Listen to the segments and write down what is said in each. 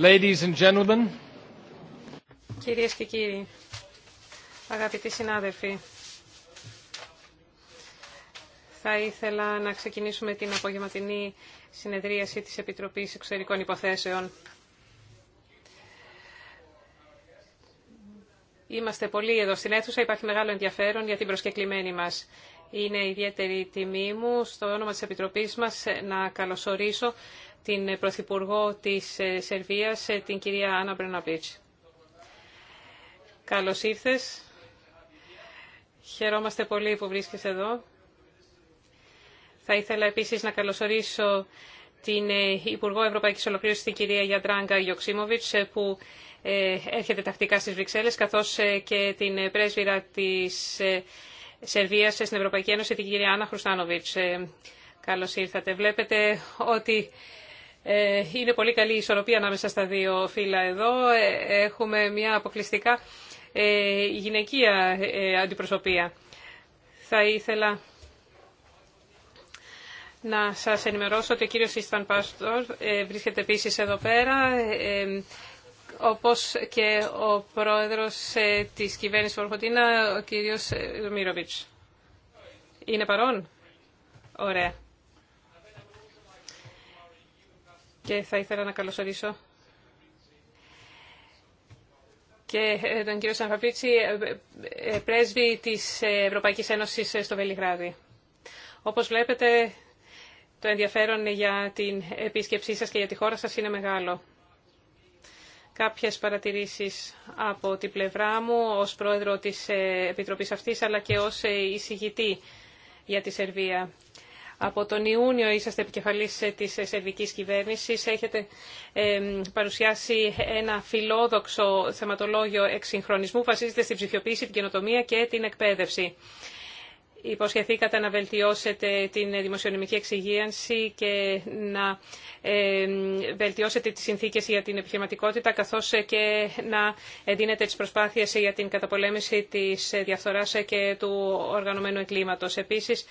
Ladies and gentlemen. Κυρίες και κύριοι, αγαπητοί συνάδελφοι, θα ήθελα να ξεκινήσουμε την απογευματινή συνεδρίαση της Επιτροπής Εξωτερικών Υποθέσεων. Είμαστε πολλοί εδώ στην αίθουσα, υπάρχει μεγάλο ενδιαφέρον για την προσκεκλημένη μας. Είναι ιδιαίτερη τιμή μου στο όνομα της Επιτροπής μας να καλωσορίσω την Πρωθυπουργό της ε, Σερβίας, ε, την κυρία Άννα Μπρεναπίτς. Καλώς ήρθες. Χαιρόμαστε πολύ που βρίσκεσαι εδώ. Θα ήθελα επίσης να καλωσορίσω την ε, Υπουργό Ευρωπαϊκής Ολοκλήρωσης, την κυρία Γιατράγκα Γιοξίμοβιτς, που έρχεται τακτικά στις Βρυξέλλες, καθώς και την πρέσβυρα της Σερβίας στην Ευρωπαϊκή Ένωση, την κυρία Άννα Χρουστάνοβιτς. Καλώς ήρθατε. Βλέπετε ότι ε, είναι πολύ καλή η ισορροπία ανάμεσα στα δύο φύλλα εδώ. Ε, έχουμε μια αποκλειστικά ε, γυναικεία αντιπροσωπεία. Θα ήθελα να σας ενημερώσω ότι ο κύριος Ισταν Πάστορ βρίσκεται επίσης εδώ πέρα, όπως και ο πρόεδρος της κυβέρνησης Βορχοτίνα, ο κύριος Μύροβιτς. Είναι παρόν? Ωραία. και θα ήθελα να καλωσορίσω και ε, τον κύριο Σανφαπίτση, ε, ε, πρέσβη της Ευρωπαϊκής Ένωσης στο Βελιγράδι. Όπως βλέπετε, το ενδιαφέρον για την επίσκεψή σας και για τη χώρα σας είναι μεγάλο. Κάποιες παρατηρήσεις από την πλευρά μου ως πρόεδρο της Επιτροπής αυτής, αλλά και ως εισηγητή για τη Σερβία. Από τον Ιούνιο είσαστε επικεφαλής ε, της σερβικής κυβέρνησης. Έχετε παρουσιάσει ένα φιλόδοξο θεματολόγιο εξυγχρονισμού. Βασίζεται στην ψηφιοποίηση, την καινοτομία και την εκπαίδευση. Υποσχεθήκατε να βελτιώσετε την δημοσιονομική εξυγίανση και να βελτιώσετε τις συνθήκες για την επιχειρηματικότητα καθώς και να δίνετε τις προσπάθειες για την καταπολέμηση της διαφθοράς και του οργανωμένου εγκλήματος. Επίσης,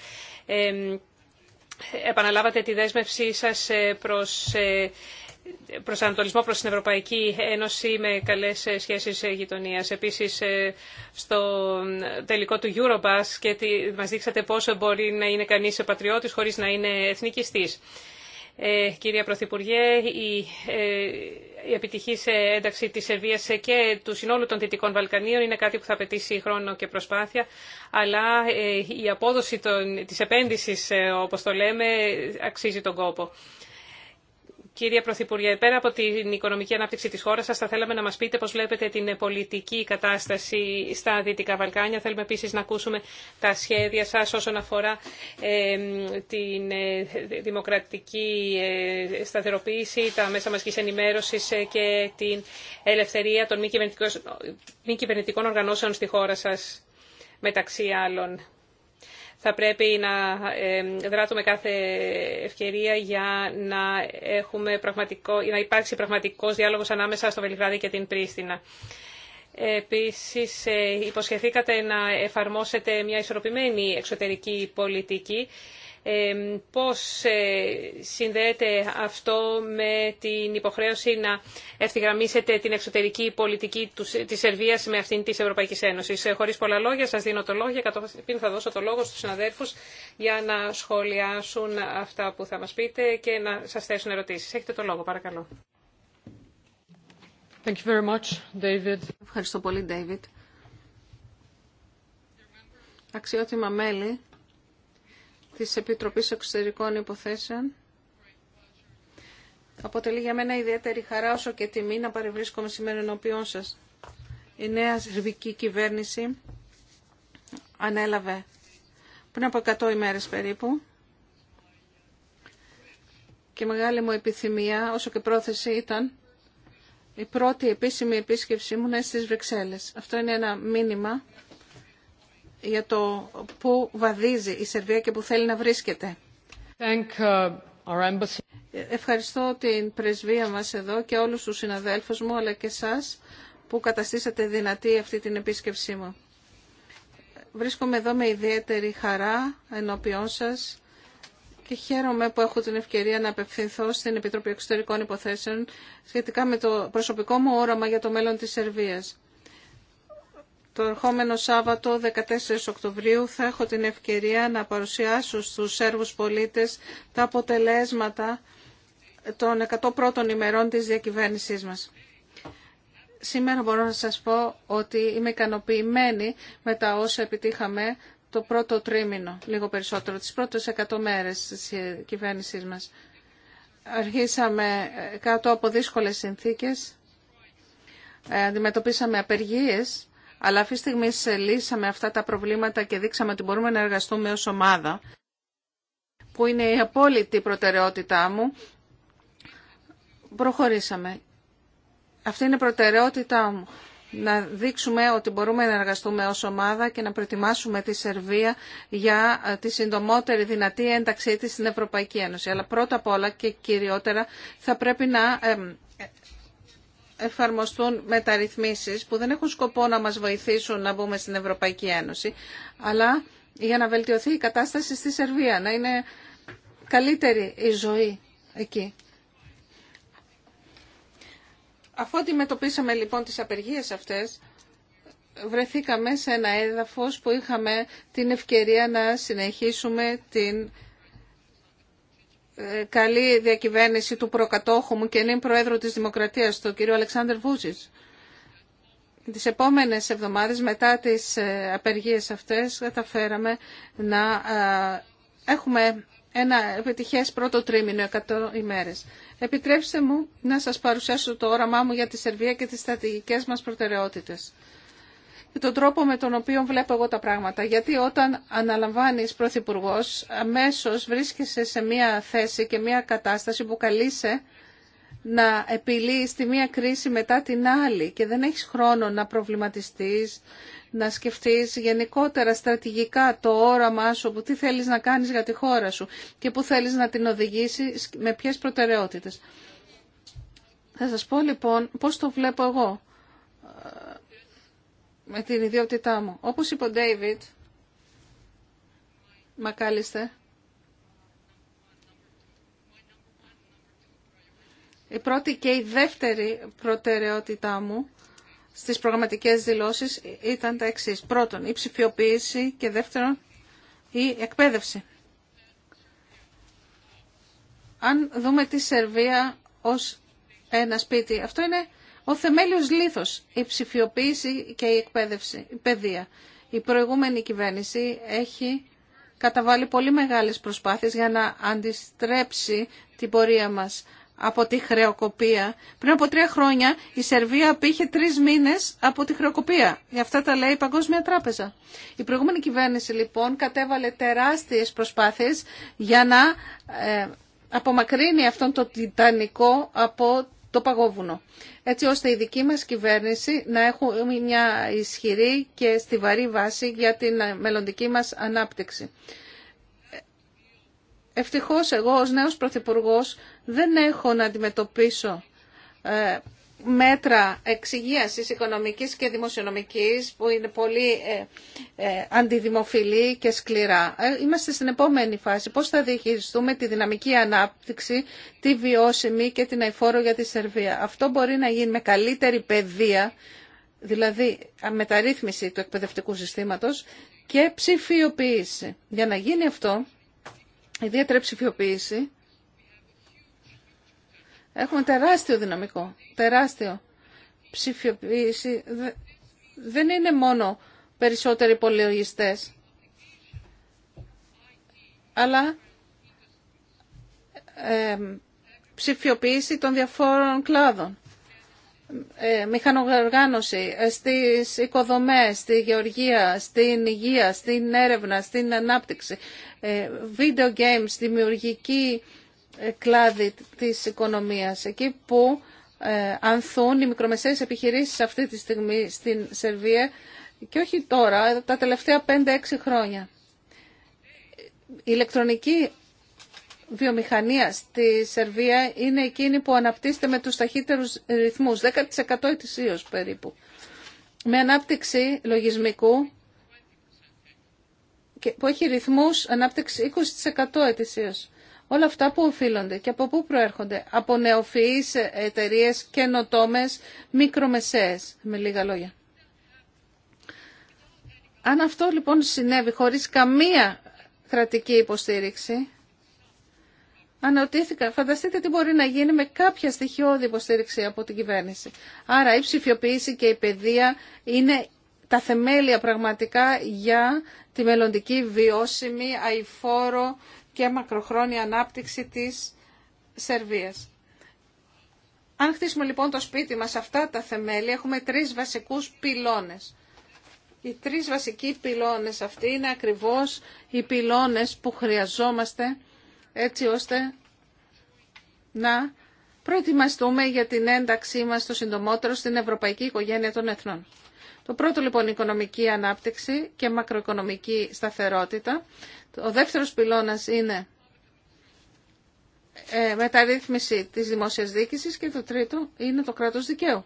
επαναλάβατε τη δέσμευσή σας ε, προς ε, Ανατολισμό, προς την Ευρωπαϊκή Ένωση με καλές ε, σχέσεις γειτονίας. Επίσης, στο τελικό του τη, μας δείξατε πόσο μπορεί να είναι κανείς πατριώτης χωρίς να είναι εθνικιστής. Ε, κυρία Πρωθυπουργέ, η, ε, η σε ένταξη της Σερβίας και του συνόλου των Δυτικών Βαλκανίων είναι κάτι που θα απαιτήσει χρόνο και προσπάθεια, αλλά ε, η απόδοση των, της επένδυσης, όπως το λέμε, αξίζει τον κόπο. Κύριε Πρωθυπουργέ, πέρα από την οικονομική ανάπτυξη της χώρας σας, θα θέλαμε να μας πείτε πώς βλέπετε την πολιτική κατάσταση στα Δυτικά Βαλκάνια. Θέλουμε επίσης να ακούσουμε τα σχέδια σας όσον αφορά την ε, δημοκρατική ε, σταθεροποίηση, τα μέσα μαζικής ενημέρωσης ε, και την ελευθερία των μη κυβερνητικών οργανώσεων στη χώρα σα μεταξύ άλλων θα πρέπει να δράτουμε κάθε ευκαιρία για να, έχουμε πραγματικό, να υπάρξει πραγματικός διάλογος ανάμεσα στο Βελιγράδι και την Πρίστινα. Επίσης, ε, υποσχεθήκατε να εφαρμόσετε μια ισορροπημένη εξωτερική πολιτική πώς ε, συνδέεται αυτό με την υποχρέωση να ευθυγραμμίσετε την εξωτερική πολιτική της Σερβίας με αυτήν της Ευρωπαϊκής Ένωσης. Ε, χωρίς πολλά λόγια σας δίνω το λόγο και θα δώσω το λόγο στους συναδέρφους για να σχολιάσουν αυτά που θα μας πείτε και να σας θέσουν ερωτήσεις. Έχετε το λόγο, παρακαλώ. Thank you very much, David. Ευχαριστώ πολύ, David. Αξιότιμα μέλη της Επιτροπής Εξωτερικών Υποθέσεων. Αποτελεί για μένα ιδιαίτερη χαρά όσο και τιμή να παρευρίσκομαι σήμερα ενώπιόν σας. Η νέα σερβική κυβέρνηση ανέλαβε πριν από 100 ημέρες περίπου και μεγάλη μου επιθυμία όσο και πρόθεση ήταν η πρώτη επίσημη επίσκεψή μου να είναι στις Βρυξέλλες. Αυτό είναι ένα μήνυμα για το πού βαδίζει η Σερβία και πού θέλει να βρίσκεται. Thank, uh, Ευχαριστώ την πρεσβεία μας εδώ και όλους τους συναδέλφους μου αλλά και σας που καταστήσατε δυνατή αυτή την επίσκεψή μου. Βρίσκομαι εδώ με ιδιαίτερη χαρά ενώπιόν σας και χαίρομαι που έχω την ευκαιρία να απευθυνθώ στην Επιτροπή Εξωτερικών Υποθέσεων σχετικά με το προσωπικό μου όραμα για το μέλλον της Σερβίας. Το ερχόμενο Σάββατο, 14 Οκτωβρίου, θα έχω την ευκαιρία να παρουσιάσω στους Σέρβους πολίτες τα αποτελέσματα των 100 πρώτων ημερών της διακυβέρνησής μας. Σήμερα μπορώ να σας πω ότι είμαι ικανοποιημένη με τα όσα επιτύχαμε το πρώτο τρίμηνο, λίγο περισσότερο, τις πρώτες 100 μέρες της κυβέρνησής μας. Αρχίσαμε κάτω από δύσκολες συνθήκες, ε, αντιμετωπίσαμε απεργίες αλλά αυτή τη στιγμή λύσαμε αυτά τα προβλήματα και δείξαμε ότι μπορούμε να εργαστούμε ως ομάδα, που είναι η απόλυτη προτεραιότητά μου, προχωρήσαμε. Αυτή είναι η προτεραιότητά μου. Να δείξουμε ότι μπορούμε να εργαστούμε ως ομάδα και να προετοιμάσουμε τη Σερβία για ε, τη συντομότερη δυνατή ένταξή της στην Ευρωπαϊκή Ένωση. Αλλά πρώτα απ' όλα και κυριότερα θα πρέπει να εφαρμοστούν μεταρρυθμίσεις που δεν έχουν σκοπό να μας βοηθήσουν να μπούμε στην Ευρωπαϊκή Ένωση, αλλά για να βελτιωθεί η κατάσταση στη Σερβία, να είναι καλύτερη η ζωή εκεί. Αφού αντιμετωπίσαμε λοιπόν τις απεργίες αυτές, βρεθήκαμε σε ένα έδαφος που είχαμε την ευκαιρία να συνεχίσουμε την ε, καλή διακυβέρνηση του προκατόχου μου και νυν Προέδρου της Δημοκρατίας, τον κύριο Αλεξάνδρ Βούζης. Τις επόμενες εβδομάδες μετά τις ε, απεργίες αυτές καταφέραμε να ε, έχουμε ένα επιτυχές πρώτο τρίμηνο 100 ημέρες. Επιτρέψτε μου να σας παρουσιάσω το όραμά μου για τη Σερβία και τις στρατηγικές μας προτεραιότητες και τον τρόπο με τον οποίο βλέπω εγώ τα πράγματα. Γιατί όταν αναλαμβάνεις πρωθυπουργό, αμέσως βρίσκεσαι σε μια θέση και μια κατάσταση που καλείσαι να επιλύεις τη μία κρίση μετά την άλλη και δεν έχεις χρόνο να προβληματιστείς, να σκεφτείς γενικότερα στρατηγικά το όραμά σου, που τι θέλεις να κάνεις για τη χώρα σου και που θέλεις να την οδηγήσεις, με ποιες προτεραιότητες. Θα σας πω λοιπόν πώς το βλέπω εγώ με την ιδιότητά μου. Όπως είπε ο Ντέιβιτ, μακάλιστε, η πρώτη και η δεύτερη προτεραιότητά μου στις προγραμματικές δηλώσεις ήταν τα εξής. Πρώτον, η ψηφιοποίηση και δεύτερον, η εκπαίδευση. Αν δούμε τη Σερβία ως ένα σπίτι, αυτό είναι ο θεμέλιος λίθος, η ψηφιοποίηση και η εκπαίδευση, η παιδεία. Η προηγούμενη κυβέρνηση έχει καταβάλει πολύ μεγάλες προσπάθειες για να αντιστρέψει την πορεία μας από τη χρεοκοπία. Πριν από τρία χρόνια η Σερβία πήγε τρεις μήνες από τη χρεοκοπία. Γι' αυτά τα λέει η Παγκόσμια Τράπεζα. Η προηγούμενη κυβέρνηση λοιπόν κατέβαλε τεράστιες προσπάθειες για να ε, απομακρύνει αυτόν τον τιτανικό από το παγόβουνο. Έτσι ώστε η δική μας κυβέρνηση να έχουμε μια ισχυρή και στιβαρή βάση για την μελλοντική μας ανάπτυξη. Ευτυχώς εγώ ως νέος πρωθυπουργός δεν έχω να αντιμετωπίσω ε, μέτρα εξυγίασης οικονομικής και δημοσιονομικής που είναι πολύ ε, ε, αντιδημοφιλή και σκληρά. Ε, είμαστε στην επόμενη φάση. Πώς θα διαχειριστούμε τη δυναμική ανάπτυξη, τη βιώσιμη και την αϊφόρο για τη Σερβία. Αυτό μπορεί να γίνει με καλύτερη παιδεία, δηλαδή μεταρρύθμιση του εκπαιδευτικού συστήματος και ψηφιοποίηση. Για να γίνει αυτό, ιδιαίτερη ψηφιοποίηση, Έχουμε τεράστιο δυναμικό, τεράστιο ψηφιοποίηση. Δεν είναι μόνο περισσότεροι υπολογιστέ, αλλά ε, ψηφιοποίηση των διαφόρων κλάδων. Ε, μηχανοργάνωση ε, στις οικοδομές, στη γεωργία, στην υγεία, στην έρευνα, στην ανάπτυξη, ε, video games, δημιουργική κλάδι της οικονομίας, εκεί που ε, ανθούν οι μικρομεσαίες επιχειρήσεις αυτή τη στιγμή στην Σερβία και όχι τώρα, τα τελευταία 5-6 χρόνια. Η ηλεκτρονική βιομηχανία στη Σερβία είναι εκείνη που αναπτύσσεται με τους ταχύτερους ρυθμούς, 10% ετησίως περίπου. Με ανάπτυξη λογισμικού που έχει ρυθμούς ανάπτυξη 20% ετησίως. Όλα αυτά που οφείλονται και από πού προέρχονται. Από νεοφυείς εταιρείε καινοτόμε, μικρομεσαίες, με λίγα λόγια. Αν αυτό λοιπόν συνέβη χωρίς καμία κρατική υποστήριξη, Αναρωτήθηκα, φανταστείτε τι μπορεί να γίνει με κάποια στοιχειώδη υποστήριξη από την κυβέρνηση. Άρα η ψηφιοποίηση και η παιδεία είναι τα θεμέλια πραγματικά για τη μελλοντική βιώσιμη αηφόρο και μακροχρόνια ανάπτυξη της Σερβίας. Αν χτίσουμε λοιπόν το σπίτι μας αυτά τα θεμέλια, έχουμε τρεις βασικούς πυλώνες. Οι τρεις βασικοί πυλώνες αυτοί είναι ακριβώς οι πυλώνες που χρειαζόμαστε έτσι ώστε να προετοιμαστούμε για την ένταξή μας το συντομότερο στην Ευρωπαϊκή Οικογένεια των Εθνών. Το πρώτο λοιπόν η οικονομική ανάπτυξη και μακροοικονομική σταθερότητα. Ο δεύτερος πυλώνας είναι ε, μεταρρύθμιση της δημόσιας διοίκησης και το τρίτο είναι το κράτος δικαίου.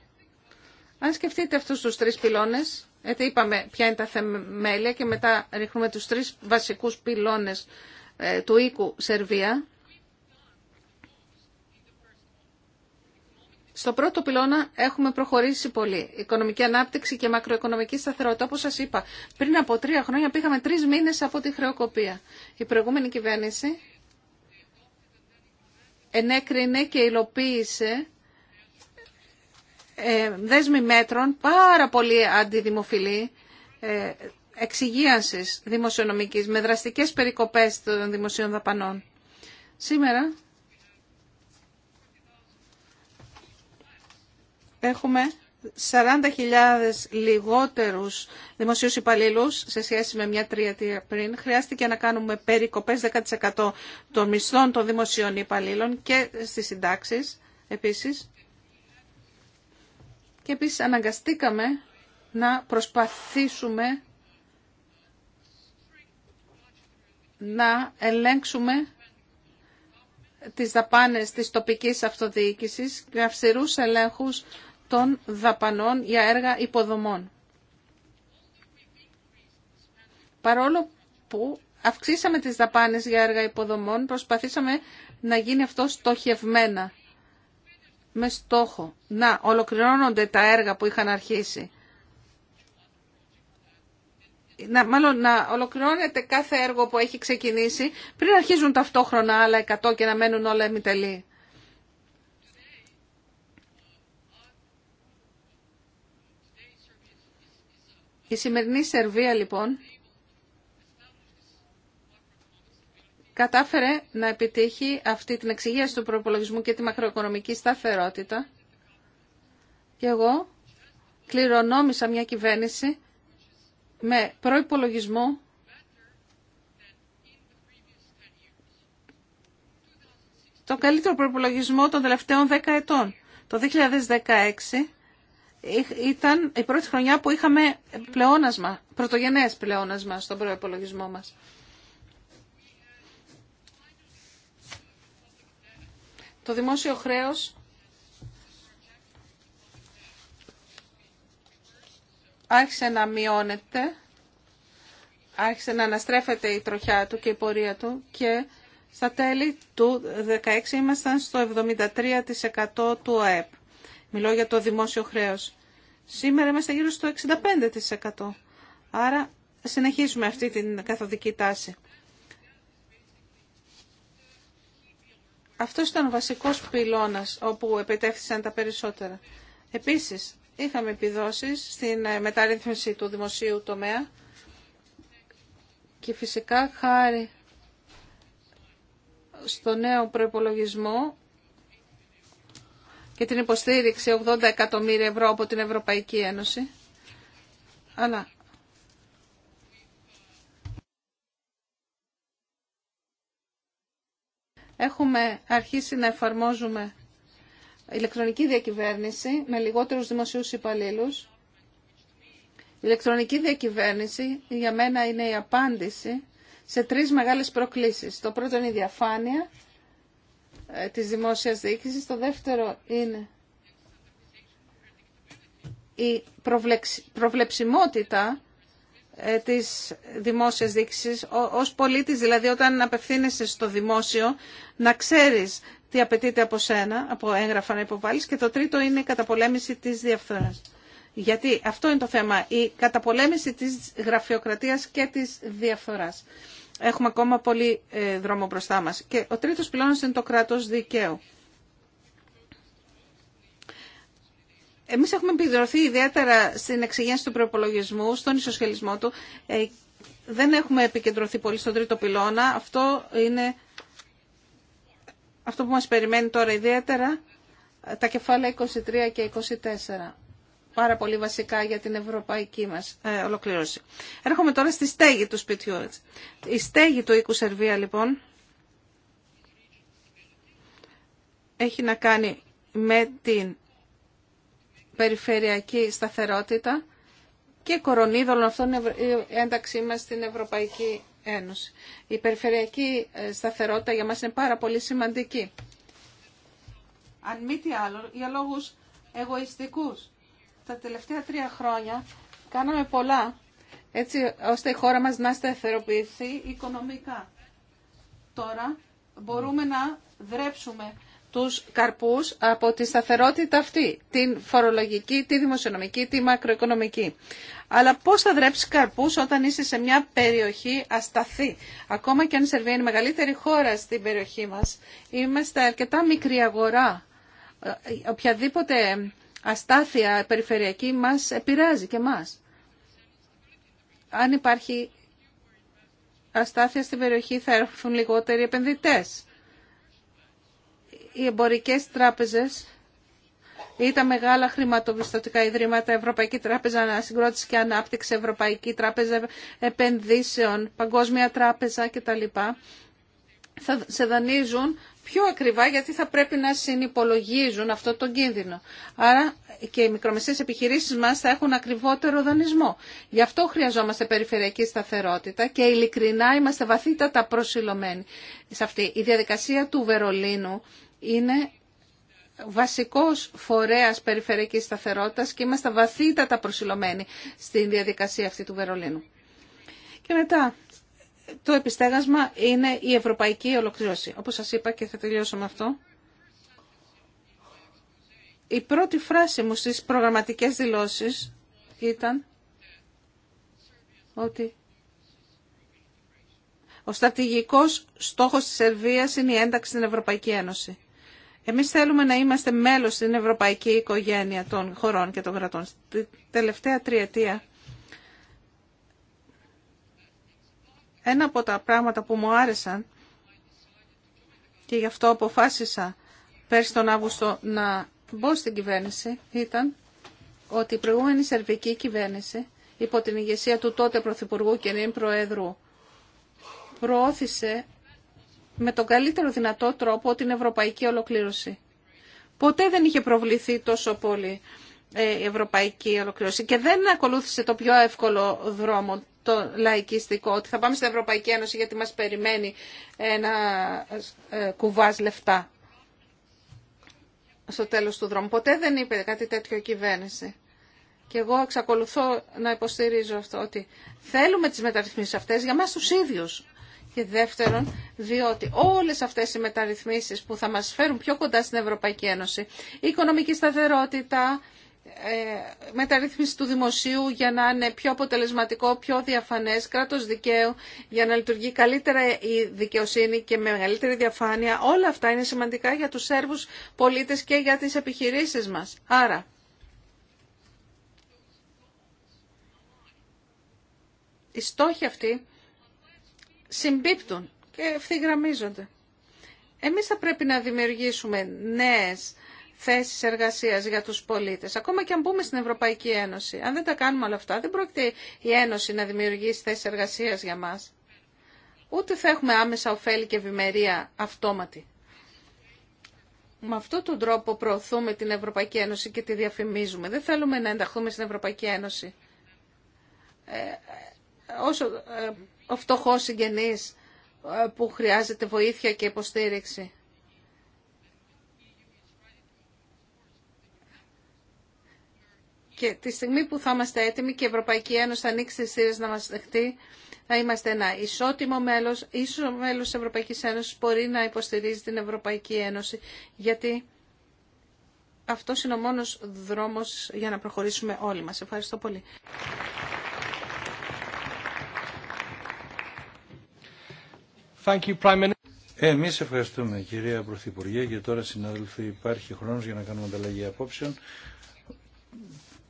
Αν σκεφτείτε αυτούς τους τρεις πυλώνες, γιατί ε, είπαμε ποια είναι τα θεμέλια και μετά ρίχνουμε τους τρεις βασικούς πυλώνες ε, του οίκου Σερβία, Στο πρώτο πυλώνα έχουμε προχωρήσει πολύ. Οικονομική ανάπτυξη και μακροοικονομική σταθερότητα. Όπω σα είπα, πριν από τρία χρόνια πήγαμε τρει μήνε από τη χρεοκοπία. Η προηγούμενη κυβέρνηση ενέκρινε και υλοποίησε ε, δέσμη μέτρων πάρα πολύ αντιδημοφιλή ε, εξυγίανσης δημοσιονομικής με δραστικές περικοπές των δημοσίων δαπανών. Σήμερα έχουμε 40.000 λιγότερους δημοσίους υπαλλήλους σε σχέση με μια τριετία πριν. Χρειάστηκε να κάνουμε περικοπές 10% των μισθών των δημοσίων υπαλλήλων και στις συντάξεις επίσης. Και επίσης αναγκαστήκαμε να προσπαθήσουμε να ελέγξουμε τις δαπάνες της τοπικής αυτοδιοίκησης και αυστηρούς ελέγχους των δαπανών για έργα υποδομών. Παρόλο που αυξήσαμε τις δαπάνες για έργα υποδομών, προσπαθήσαμε να γίνει αυτό στοχευμένα, με στόχο να ολοκληρώνονται τα έργα που είχαν αρχίσει. μάλλον να ολοκληρώνεται κάθε έργο που έχει ξεκινήσει πριν αρχίζουν ταυτόχρονα άλλα 100 και να μένουν όλα εμιτελή. Η σημερινή Σερβία λοιπόν κατάφερε να επιτύχει αυτή την εξηγίαση του προπολογισμού και τη μακροοικονομική σταθερότητα. Και εγώ κληρονόμησα μια κυβέρνηση με προϋπολογισμό τον καλύτερο προϋπολογισμό των τελευταίων 10 ετών. Το 2016 ήταν η πρώτη χρονιά που είχαμε πλεόνασμα, πρωτογενές πλεόνασμα στον προϋπολογισμό μας. Το δημόσιο χρέος άρχισε να μειώνεται, άρχισε να αναστρέφεται η τροχιά του και η πορεία του και στα τέλη του 2016 ήμασταν στο 73% του ΑΕΠ. Μιλώ για το δημόσιο χρέος. Σήμερα είμαστε γύρω στο 65%. Άρα συνεχίζουμε αυτή την καθοδική τάση. Αυτός ήταν ο βασικός πυλώνας όπου επιτεύχθησαν τα περισσότερα. Επίσης, είχαμε επιδόσεις στην ε, μεταρρύθμιση του δημοσίου τομέα και φυσικά χάρη στο νέο προϋπολογισμό και την υποστήριξη 80 εκατομμύρια ευρώ από την Ευρωπαϊκή Ένωση. Αλλά έχουμε αρχίσει να εφαρμόζουμε ηλεκτρονική διακυβέρνηση με λιγότερους δημοσίους υπαλλήλους. Η ηλεκτρονική διακυβέρνηση για μένα είναι η απάντηση σε τρεις μεγάλες προκλήσεις. Το πρώτο είναι η διαφάνεια, ε, της δημόσιας διοίκησης. Το δεύτερο είναι η προβλεψιμότητα ε, της δημόσιας διοίκησης ως πολίτης, δηλαδή όταν απευθύνεσαι στο δημόσιο να ξέρεις τι απαιτείται από σένα, από έγγραφα να υποβάλεις και το τρίτο είναι η καταπολέμηση της διαφθοράς. Γιατί αυτό είναι το θέμα, η καταπολέμηση της γραφειοκρατίας και της διαφθοράς. Έχουμε ακόμα πολύ ε, δρόμο μπροστά μας. Και ο τρίτος πυλώνας είναι το κράτος δικαίου. Εμείς έχουμε επιδροθεί ιδιαίτερα στην εξηγένση του προπολογισμού, στον ισοσχελισμό του. Ε, δεν έχουμε επικεντρωθεί πολύ στον τρίτο πυλώνα. Αυτό είναι αυτό που μας περιμένει τώρα ιδιαίτερα τα κεφάλαια 23 και 24 πάρα πολύ βασικά για την ευρωπαϊκή μας ε, ολοκληρώση. Έρχομαι τώρα στη στέγη του σπιτιού. Η στέγη του οίκου Σερβία λοιπόν έχει να κάνει με την περιφερειακή σταθερότητα και κορονίδωλων αυτών η ένταξή μας στην Ευρωπαϊκή Ένωση. Η περιφερειακή ε, σταθερότητα για μας είναι πάρα πολύ σημαντική. Αν μη τι άλλο, για λόγους εγωιστικούς τα τελευταία τρία χρόνια κάναμε πολλά έτσι ώστε η χώρα μας να σταθεροποιηθεί οικονομικά. Τώρα μπορούμε να δρέψουμε τους καρπούς από τη σταθερότητα αυτή, την φορολογική, τη δημοσιονομική, τη μακροοικονομική. Αλλά πώς θα δρέψεις καρπούς όταν είσαι σε μια περιοχή ασταθή. Ακόμα και αν η Σερβία είναι η μεγαλύτερη χώρα στην περιοχή μας, είμαστε αρκετά μικρή αγορά. Ε, οποιαδήποτε αστάθεια περιφερειακή μας επηρεάζει και μας. Αν υπάρχει αστάθεια στην περιοχή θα έρθουν λιγότεροι επενδυτές. Οι εμπορικές τράπεζες ή τα μεγάλα χρηματοπιστωτικά ιδρύματα, Ευρωπαϊκή Τράπεζα Ανασυγκρότηση και Ανάπτυξη, Ευρωπαϊκή Τράπεζα Επενδύσεων, Παγκόσμια Τράπεζα κτλ θα σε δανείζουν πιο ακριβά γιατί θα πρέπει να συνυπολογίζουν αυτό το κίνδυνο. Άρα και οι μικρομεσαίες επιχειρήσεις μας θα έχουν ακριβότερο δανεισμό. Γι' αυτό χρειαζόμαστε περιφερειακή σταθερότητα και ειλικρινά είμαστε βαθύτατα προσιλωμένοι σε αυτή. Η διαδικασία του Βερολίνου είναι βασικός φορέας περιφερειακής σταθερότητας και είμαστε βαθύτατα προσιλωμένοι στην διαδικασία αυτή του Βερολίνου. Και μετά, το επιστέγασμα είναι η ευρωπαϊκή ολοκλήρωση. Όπως σας είπα και θα τελειώσω με αυτό. Η πρώτη φράση μου στις προγραμματικές δηλώσεις ήταν ότι ο στρατηγικός στόχος της Σερβίας είναι η ένταξη στην Ευρωπαϊκή Ένωση. Εμείς θέλουμε να είμαστε μέλος στην ευρωπαϊκή οικογένεια των χωρών και των κρατών. τελευταία τριετία Ένα από τα πράγματα που μου άρεσαν και γι' αυτό αποφάσισα πέρσι τον Αύγουστο να μπω στην κυβέρνηση ήταν ότι η προηγούμενη σερβική κυβέρνηση υπό την ηγεσία του τότε Πρωθυπουργού και νέου Προέδρου προώθησε με τον καλύτερο δυνατό τρόπο την ευρωπαϊκή ολοκλήρωση. Ποτέ δεν είχε προβληθεί τόσο πολύ ε, η ευρωπαϊκή ολοκλήρωση και δεν ακολούθησε το πιο εύκολο δρόμο, το λαϊκιστικό, ότι θα πάμε στην Ευρωπαϊκή Ένωση γιατί μας περιμένει ένα ε, κουβάς λεφτά στο τέλος του δρόμου. Ποτέ δεν είπε κάτι τέτοιο η κυβέρνηση. Και εγώ εξακολουθώ να υποστηρίζω αυτό, ότι θέλουμε τις μεταρρυθμίσεις αυτές για μας τους ίδιους. Και δεύτερον, διότι όλες αυτές οι μεταρρυθμίσεις που θα μας φέρουν πιο κοντά στην Ευρωπαϊκή Ένωση, η οικονομική σταθερότητα, ε, μεταρρύθμιση του δημοσίου για να είναι πιο αποτελεσματικό, πιο διαφανές, κράτος δικαίου, για να λειτουργεί καλύτερα η δικαιοσύνη και με μεγαλύτερη διαφάνεια. Όλα αυτά είναι σημαντικά για τους Σέρβους πολίτες και για τις επιχειρήσεις μας. Άρα... Οι στόχοι αυτοί συμπίπτουν και ευθυγραμμίζονται. Εμείς θα πρέπει να δημιουργήσουμε νέες Θέσει εργασία για τους πολίτες. Ακόμα και αν μπούμε στην Ευρωπαϊκή Ένωση. Αν δεν τα κάνουμε όλα αυτά, δεν πρόκειται η Ένωση να δημιουργήσει θέσεις εργασίας για μας. Ούτε θα έχουμε άμεσα ωφέλη και ευημερία αυτόματη. Με αυτόν τον τρόπο προωθούμε την Ευρωπαϊκή Ένωση και τη διαφημίζουμε. Δεν θέλουμε να ενταχθούμε στην Ευρωπαϊκή Ένωση. Ε, όσο ε, ο φτωχός συγγενής ε, που χρειάζεται βοήθεια και υποστήριξη. Και τη στιγμή που θα είμαστε έτοιμοι και η Ευρωπαϊκή Ένωση θα ανοίξει τις θύρες να μας δεχτεί, θα είμαστε ένα ισότιμο μέλος, ίσο μέλος της Ευρωπαϊκής Ένωσης μπορεί να υποστηρίζει την Ευρωπαϊκή Ένωση, γιατί αυτό είναι ο μόνος δρόμος για να προχωρήσουμε όλοι μας. Ευχαριστώ πολύ. Thank you, Prime Minister. Εμείς ευχαριστούμε κυρία Πρωθυπουργέ και τώρα συνάδελφοι υπάρχει χρόνος για να κάνουμε ανταλλαγή απόψεων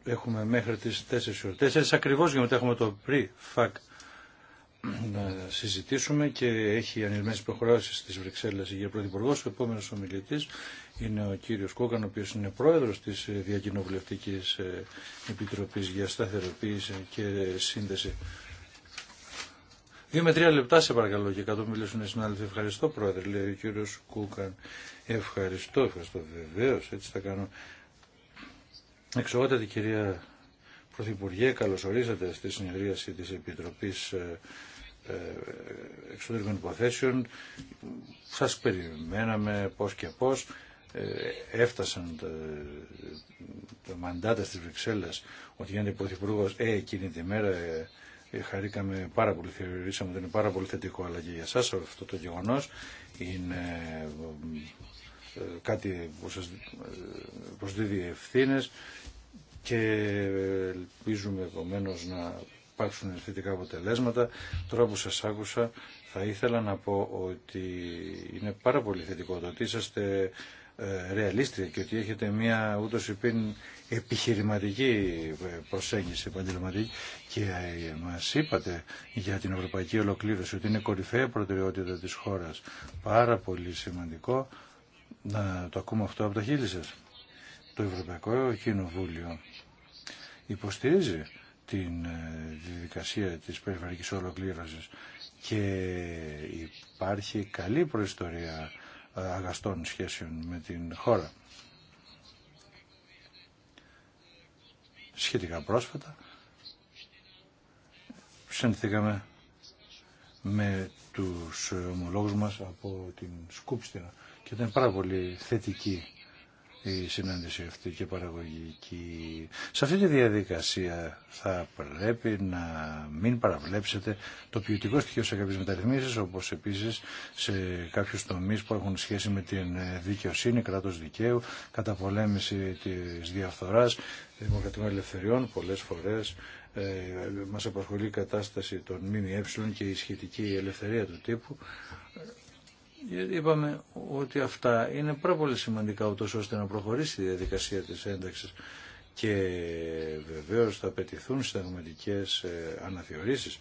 έχουμε μέχρι τις 4 ώρες. Τέσσερις ακριβώς για μετά έχουμε το pre-fac να συζητήσουμε και έχει ανηλμένες προχωράσεις στις Βρυξέλλες για πρωθυπουργός. Ο επόμενος ομιλητής είναι ο κύριος Κόκαν, ο οποίος είναι πρόεδρος της ε, Διακοινοβουλευτικής ε, Επιτροπής για Σταθεροποίηση και Σύνδεση. Δύο με τρία λεπτά σε παρακαλώ και κατώ μιλήσουν οι συνάδελφοι. Ευχαριστώ πρόεδρε, λέει ο κύριος Κούκαν. Ευχαριστώ, ευχαριστώ βεβαίω. έτσι θα κάνω. Εξωγότατη κυρία Πρωθυπουργέ, καλώς ορίσατε στη συνεδρίαση της Επιτροπής ε, ε, Εξωτερικών Υποθέσεων. Σας περιμέναμε πώς και πώς. Ε, έφτασαν τα, μαντάτα στις Βρυξέλλες ότι γίνεται Πρωθυπουργός ε, εκείνη τη μέρα ε, χαρήκαμε πάρα πολύ, θεωρήσαμε ότι είναι πάρα πολύ θετικό, αλλά και για εσάς αυτό το γεγονός είναι ε, κάτι που σας ε, προσδίδει ευθύνε και ελπίζουμε επομένω να υπάρξουν θετικά αποτελέσματα. Τώρα που σας άκουσα θα ήθελα να πω ότι είναι πάρα πολύ θετικό το ότι είσαστε ε, ρεαλίστρια και ότι έχετε μια ούτως υπήν επιχειρηματική προσέγγιση επαγγελματική και μας είπατε για την ευρωπαϊκή ολοκλήρωση ότι είναι κορυφαία προτεραιότητα της χώρας πάρα πολύ σημαντικό να το ακούμε αυτό από τα χείλη σας. Το Ευρωπαϊκό Κοινοβούλιο υποστηρίζει την ε, διαδικασία της περιφερειακής ολοκλήρωσης και υπάρχει καλή προϊστορία ε, αγαστών σχέσεων με την χώρα. Σχετικά πρόσφατα συνθήκαμε με τους ομολόγους μας από την σκούπιστηνα και ήταν πάρα πολύ θετική η συνάντηση αυτή και παραγωγική. Σε αυτή τη διαδικασία θα πρέπει να μην παραβλέψετε το ποιοτικό στοιχείο σε κάποιες μεταρρυθμίσεις, όπως επίσης σε κάποιους τομείς που έχουν σχέση με την δικαιοσύνη, κράτος δικαίου, καταπολέμηση της διαφθοράς, δημοκρατικών ελευθεριών, πολλές φορές ε, μας απασχολεί η κατάσταση των ΜΜΕ και η σχετική ελευθερία του τύπου είπαμε ότι αυτά είναι πάρα πολύ σημαντικά ούτως ώστε να προχωρήσει η διαδικασία της ένταξης και βεβαίως θα απαιτηθούν συνταγματικές ε, αναθεωρήσεις.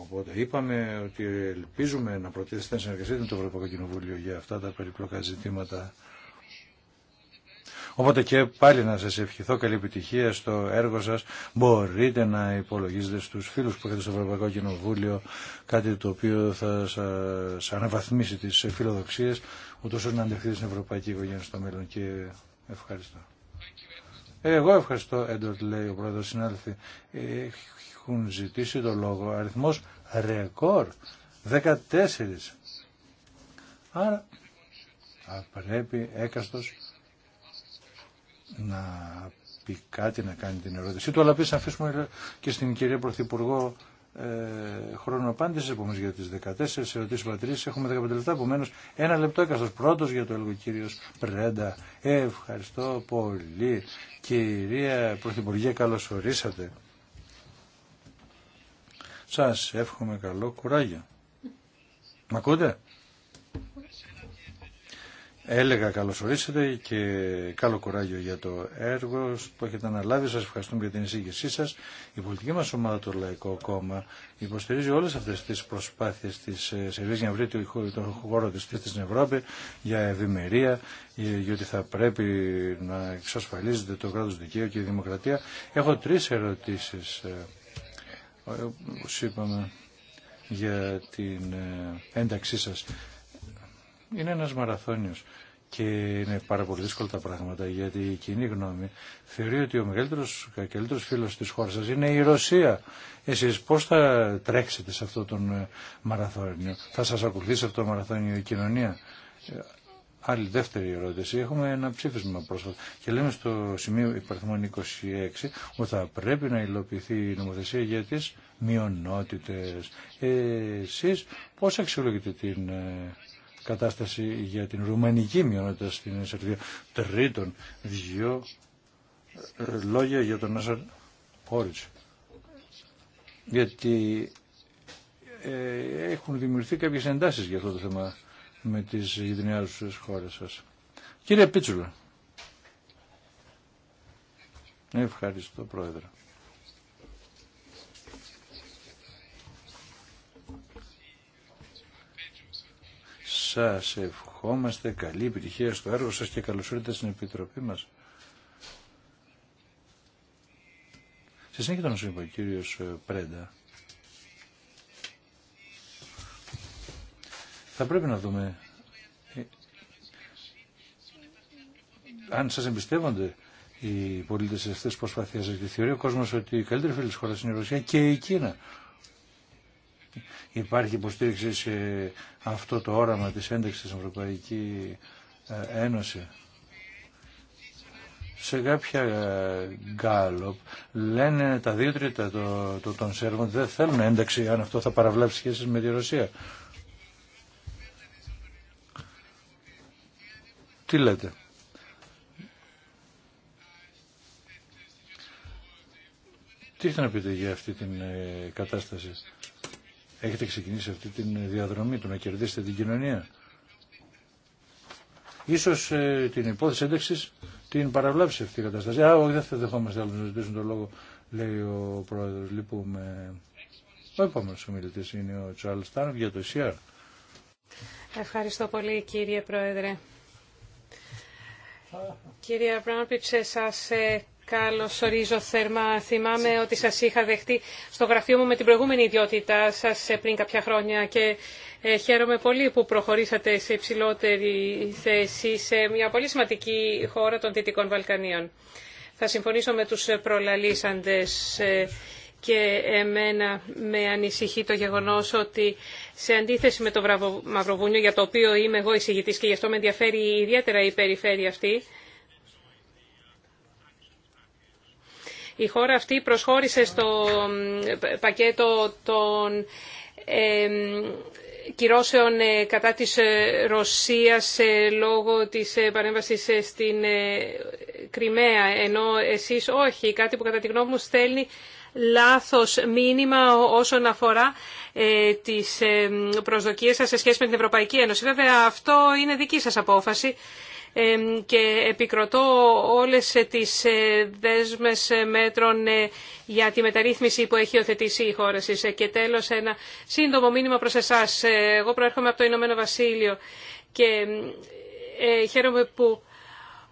Οπότε είπαμε ότι ελπίζουμε να προτίθεται συνεργασία με το Ευρωπαϊκό Κοινοβούλιο για αυτά τα περιπλοκά ζητήματα. Οπότε και πάλι να σας ευχηθώ καλή επιτυχία στο έργο σας. Μπορείτε να υπολογίζετε στους φίλους που έχετε στο Ευρωπαϊκό Κοινοβούλιο κάτι το οποίο θα σας αναβαθμίσει τις φιλοδοξίες ούτως ώστε να αντεχθείτε στην Ευρωπαϊκή Οικογένεια στο μέλλον και ευχαριστώ. Εγώ ευχαριστώ, Έντορτ, λέει ο πρόεδρος συνάδελφοι. Έχουν ζητήσει το λόγο αριθμός ρεκόρ 14. Άρα πρέπει έκαστος να πει κάτι, να κάνει την ερώτησή του, αλλά πει να αφήσουμε και στην κυρία Πρωθυπουργό ε, χρόνο απάντηση. Επομένω για τι 14 ερωτήσει πατρίε έχουμε 15 λεπτά. Επομένω, ένα λεπτό έκαστο πρώτο για το έργο κύριο Πρέντα. Ευχαριστώ πολύ. Κυρία Πρωθυπουργέ, καλώ ορίσατε. Σα εύχομαι καλό κουράγιο. Μ' ακούτε? Έλεγα καλώς ορίσατε και καλό κουράγιο για το έργο που έχετε αναλάβει. Σας ευχαριστούμε για την εισήγησή σας. Η πολιτική μας ομάδα, το Λαϊκό Κόμμα, υποστηρίζει όλες αυτές τις προσπάθειες της ε, Σερβίας για να βρει τον χώρο της στην Ευρώπη για ευημερία, ε, γιατί θα πρέπει να εξασφαλίζεται το κράτος δικαίου και η δημοκρατία. Έχω τρεις ερωτήσεις, ε, όπως είπαμε, για την ένταξή σας είναι ένας μαραθώνιος και είναι πάρα πολύ δύσκολα τα πράγματα γιατί η κοινή γνώμη θεωρεί ότι ο μεγαλύτερος, καλύτερος φίλος της χώρας σας είναι η Ρωσία. Εσείς πώς θα τρέξετε σε αυτό τον ε, μαραθώνιο, θα σας ακολουθήσει αυτό το μαραθώνιο η κοινωνία. Ε, άλλη δεύτερη ερώτηση. Έχουμε ένα ψήφισμα πρόσφατα και λέμε στο σημείο υπαριθμό 26 ότι θα πρέπει να υλοποιηθεί η νομοθεσία για τις μειονότητες. Ε, εσείς πώς αξιολογείτε την κατάσταση για την ρουμανική μειονότητα στην Σερβία. Τρίτον, δύο ε, λόγια για τον Άσαν Όριτς. Γιατί ε, έχουν δημιουργηθεί κάποιες εντάσεις για αυτό το θέμα με τις γειτονιάζουσες χώρες σας. Κύριε Πίτσουλα. Ευχαριστώ, Πρόεδρε. Σας ευχόμαστε καλή επιτυχία στο έργο σας και καλώς ήρθατε στην Επιτροπή μας. Σε συνέχεια τον ο κύριος ε, Πρέντα. Θα πρέπει να δούμε ε, αν σας εμπιστεύονται οι πολίτες σε αυτές τις προσπαθίες σας. θεωρεί ο κόσμος ότι η καλύτερη φίλη της χώρας είναι η Ρωσία και η Κίνα υπάρχει υποστήριξη σε αυτό το όραμα της ένταξης στην Ευρωπαϊκή ε, Ένωση. Σε κάποια ε, γκάλοπ λένε τα δύο τρίτα των Σέρβων ότι δεν θέλουν ένταξη αν αυτό θα παραβλάψει σχέσεις με τη Ρωσία. Τι λέτε. Τι θέλετε να πείτε για αυτή την ε, κατάσταση έχετε ξεκινήσει αυτή τη διαδρομή του να κερδίσετε την κοινωνία. Ίσως ε, την υπόθεση ένταξη την παραβλάψει αυτή η κατάσταση. Α, όχι, δεν θα δεχόμαστε άλλους να ζητήσουν τον λόγο, λέει ο πρόεδρος. Λυπούμε. Ο επόμενο ομιλητή είναι ο Τσουαλ Τάνοκ για το ΕΣΥΑΡ. Ευχαριστώ πολύ κύριε Πρόεδρε. Κύριε Αμπράνοπιτς, σας ε, Καλώς ορίζω θερμά. Θυμάμαι ότι σας είχα δεχτεί στο γραφείο μου με την προηγούμενη ιδιότητά σας ε, πριν κάποια χρόνια και ε, χαίρομαι πολύ που προχωρήσατε σε υψηλότερη θέση σε μια πολύ σημαντική χώρα των Δυτικών Βαλκανίων. Θα συμφωνήσω με τους προλαλήσαντες ε, και εμένα με ανησυχεί το γεγονός ότι σε αντίθεση με το Μαυροβούνιο για το οποίο είμαι εγώ εισηγητής και γι' αυτό με ενδιαφέρει ιδιαίτερα η περιφέρεια αυτή Η χώρα αυτή προσχώρησε στο πακέτο των ε, κυρώσεων ε, κατά της ε, Ρωσίας λόγω της παρέμβασης στην Κρυμαία, ενώ εσείς όχι, κάτι που κατά τη γνώμη μου στέλνει λάθος μήνυμα όσον αφορά τις προσδοκίες σας σε σχέση με την Ευρωπαϊκή Ένωση. Βέβαια αυτό είναι δική σας απόφαση και επικροτώ όλες τις ε, δέσμες ε, μέτρων ε, για τη μεταρρύθμιση που έχει οθετήσει η χώρα σας. Και τέλος ένα σύντομο μήνυμα προς εσάς. Εγώ προέρχομαι από το Ηνωμένο Βασίλειο και χαίρομαι που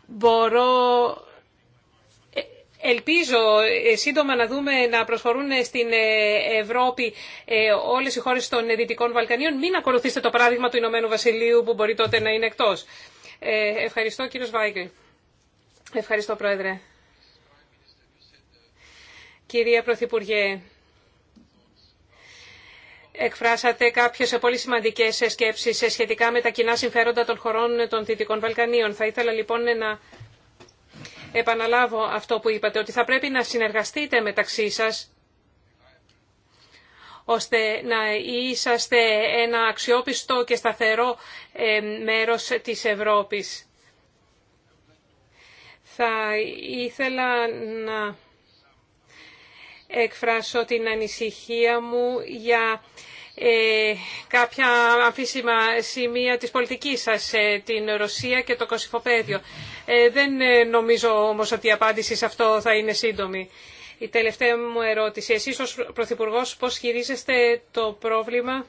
μπορώ... Ελπίζω σύντομα να δούμε να προσφορούν στην Ευρώπη όλες οι χώρες των Δυτικών Βαλκανίων. Μην ακολουθήσετε το παράδειγμα του Ηνωμένου Βασιλείου που μπορεί τότε να είναι εκτός. Ε, ευχαριστώ κύριος Βάιγκλ. Ευχαριστώ πρόεδρε. Κυρία Πρωθυπουργέ, εκφράσατε κάποιες πολύ σημαντικές σκέψεις σχετικά με τα κοινά συμφέροντα των χωρών των Δυτικών Βαλκανίων. Θα ήθελα λοιπόν να επαναλάβω αυτό που είπατε, ότι θα πρέπει να συνεργαστείτε μεταξύ σας ώστε να είσαστε ένα αξιόπιστο και σταθερό ε, μέρος της Ευρώπης. Θα ήθελα να εκφράσω την ανησυχία μου για ε, κάποια αμφίσιμα σημεία της πολιτικής σας, ε, την Ρωσία και το Κωσυφοπαίδιο. δεν νομίζω όμως ότι η απάντηση σε αυτό θα είναι σύντομη. Η τελευταία μου ερώτηση. Εσείς ως Πρωθυπουργός πώς χειρίζεστε το πρόβλημα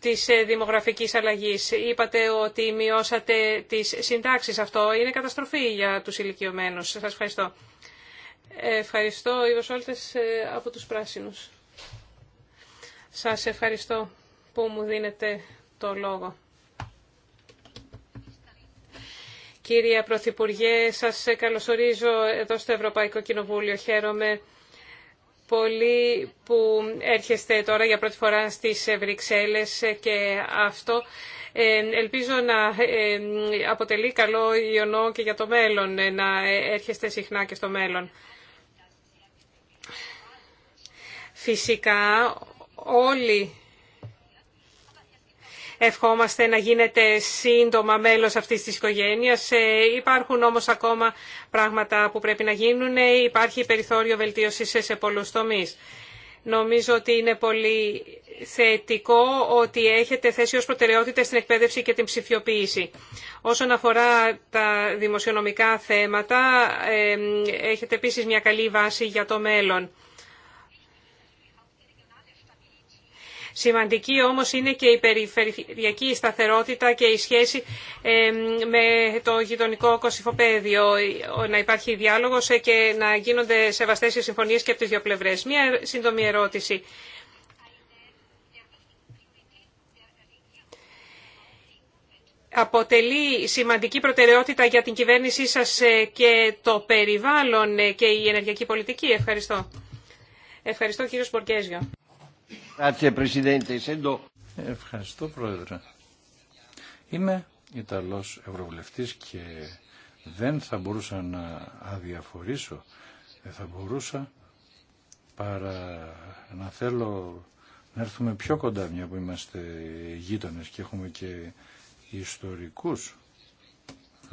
της ε, δημογραφικής αλλαγής. Είπατε ότι μειώσατε τις συντάξεις. Αυτό είναι καταστροφή για τους ηλικιωμένους. Σας ευχαριστώ. Ευχαριστώ, Ήβος ε, από τους Πράσινους. Σας ευχαριστώ που μου δίνετε το λόγο. Κύριε Πρωθυπουργέ, σας καλωσορίζω εδώ στο Ευρωπαϊκό Κοινοβούλιο. Χαίρομαι πολύ που έρχεστε τώρα για πρώτη φορά στις Βρυξέλλες και αυτό ε, ελπίζω να ε, αποτελεί καλό ιονό και για το μέλλον, ε, να έρχεστε συχνά και στο μέλλον. Φυσικά όλοι ευχόμαστε να γίνετε σύντομα μέλος αυτής της οικογένειας. Ε, υπάρχουν όμως ακόμα πράγματα που πρέπει να γίνουν. Ε, υπάρχει περιθώριο βελτίωσης σε πολλούς τομείς. Νομίζω ότι είναι πολύ θετικό ότι έχετε θέσει ως προτεραιότητα στην εκπαίδευση και την ψηφιοποίηση. Όσον αφορά τα δημοσιονομικά θέματα, ε, έχετε επίσης μια καλή βάση για το μέλλον. Σημαντική όμως είναι και η περιφερειακή σταθερότητα και η σχέση με το γειτονικό κοσυφοπαίδιο, να υπάρχει διάλογος ε, και να γίνονται σεβαστές οι συμφωνίες και από τις δύο πλευρές. Μία σύντομη ερώτηση. αποτελεί σημαντική προτεραιότητα για την κυβέρνησή σας ε, και το περιβάλλον ε, και η ενεργειακή πολιτική. Ευχαριστώ. Ευχαριστώ κύριο Σπορκέζιο. Ευχαριστώ, Πρόεδρε. Είμαι Ιταλός Ευρωβουλευτής και δεν θα μπορούσα να αδιαφορήσω, δεν θα μπορούσα παρά να θέλω να έρθουμε πιο κοντά μια που είμαστε γείτονες και έχουμε και ιστορικούς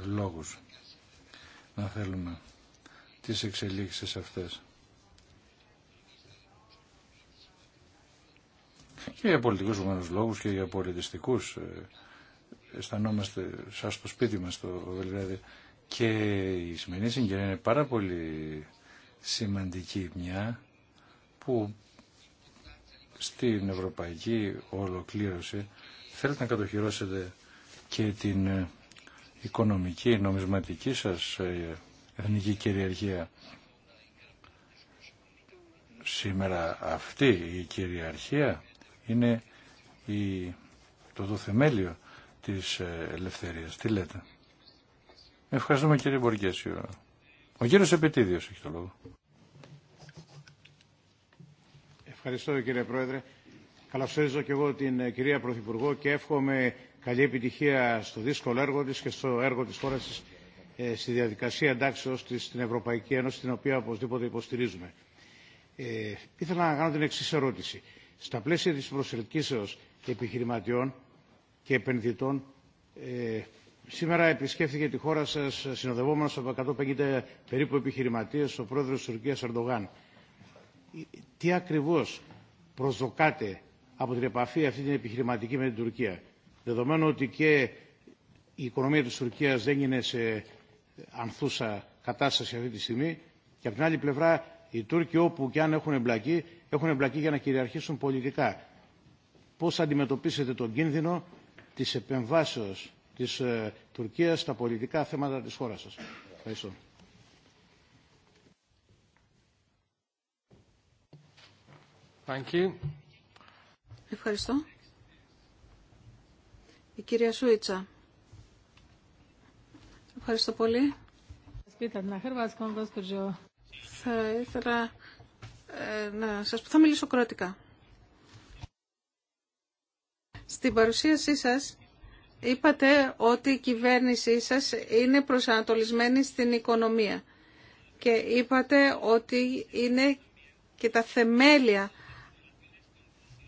λόγους να θέλουμε τις εξελίξεις αυτές. και για πολιτικούς λόγους και για πολιτιστικούς ε, αισθανόμαστε σαν στο σπίτι μας στο Βελγράδι και η σημερινή συγκεκριμένη είναι πάρα πολύ σημαντική μια που στην ευρωπαϊκή ολοκλήρωση θέλετε να κατοχυρώσετε και την ε, οικονομική, νομισματική σας ε, εθνική κυριαρχία. Σήμερα αυτή η κυριαρχία είναι η, το, δοθεμέλιο της ε, ελευθερίας. Τι λέτε. Ευχαριστούμε κύριε Μποργέσιο. Ο κύριος Επιτίδιος έχει το λόγο. Ευχαριστώ κύριε Πρόεδρε. Καλωσορίζω και εγώ την ε, κυρία Πρωθυπουργό και εύχομαι καλή επιτυχία στο δύσκολο έργο της και στο έργο της χώρας της ε, στη διαδικασία εντάξεως της στην Ευρωπαϊκή Ένωση, την οποία οπωσδήποτε υποστηρίζουμε. Ε, ήθελα να κάνω την εξή ερώτηση στα πλαίσια της προσελκύσεως επιχειρηματιών και επενδυτών ε, σήμερα επισκέφθηκε τη χώρα σας συνοδευόμενος από 150 περίπου επιχειρηματίες ο πρόεδρος της Τουρκίας Ερντογάν. Ε, τι ακριβώς προσδοκάτε από την επαφή αυτή την επιχειρηματική με την Τουρκία. Δεδομένου ότι και η οικονομία της Τουρκίας δεν είναι σε ανθούσα κατάσταση αυτή τη στιγμή και από την άλλη πλευρά οι Τούρκοι όπου και αν έχουν εμπλακεί, έχουν εμπλακεί για να κυριαρχήσουν πολιτικά. Πώς αντιμετωπίσετε τον κίνδυνο της επεμβάσεως της ε, Τουρκίας στα πολιτικά θέματα της χώρας σας. Ευχαριστώ. Ευχαριστώ. Η κυρία Σούιτσα. Ευχαριστώ πολύ. Θα ήθελα ε, να σας πω, θα μιλήσω κρότικα. Στην παρουσίασή σας είπατε ότι η κυβέρνησή σας είναι προσανατολισμένη στην οικονομία και είπατε ότι είναι και τα θεμέλια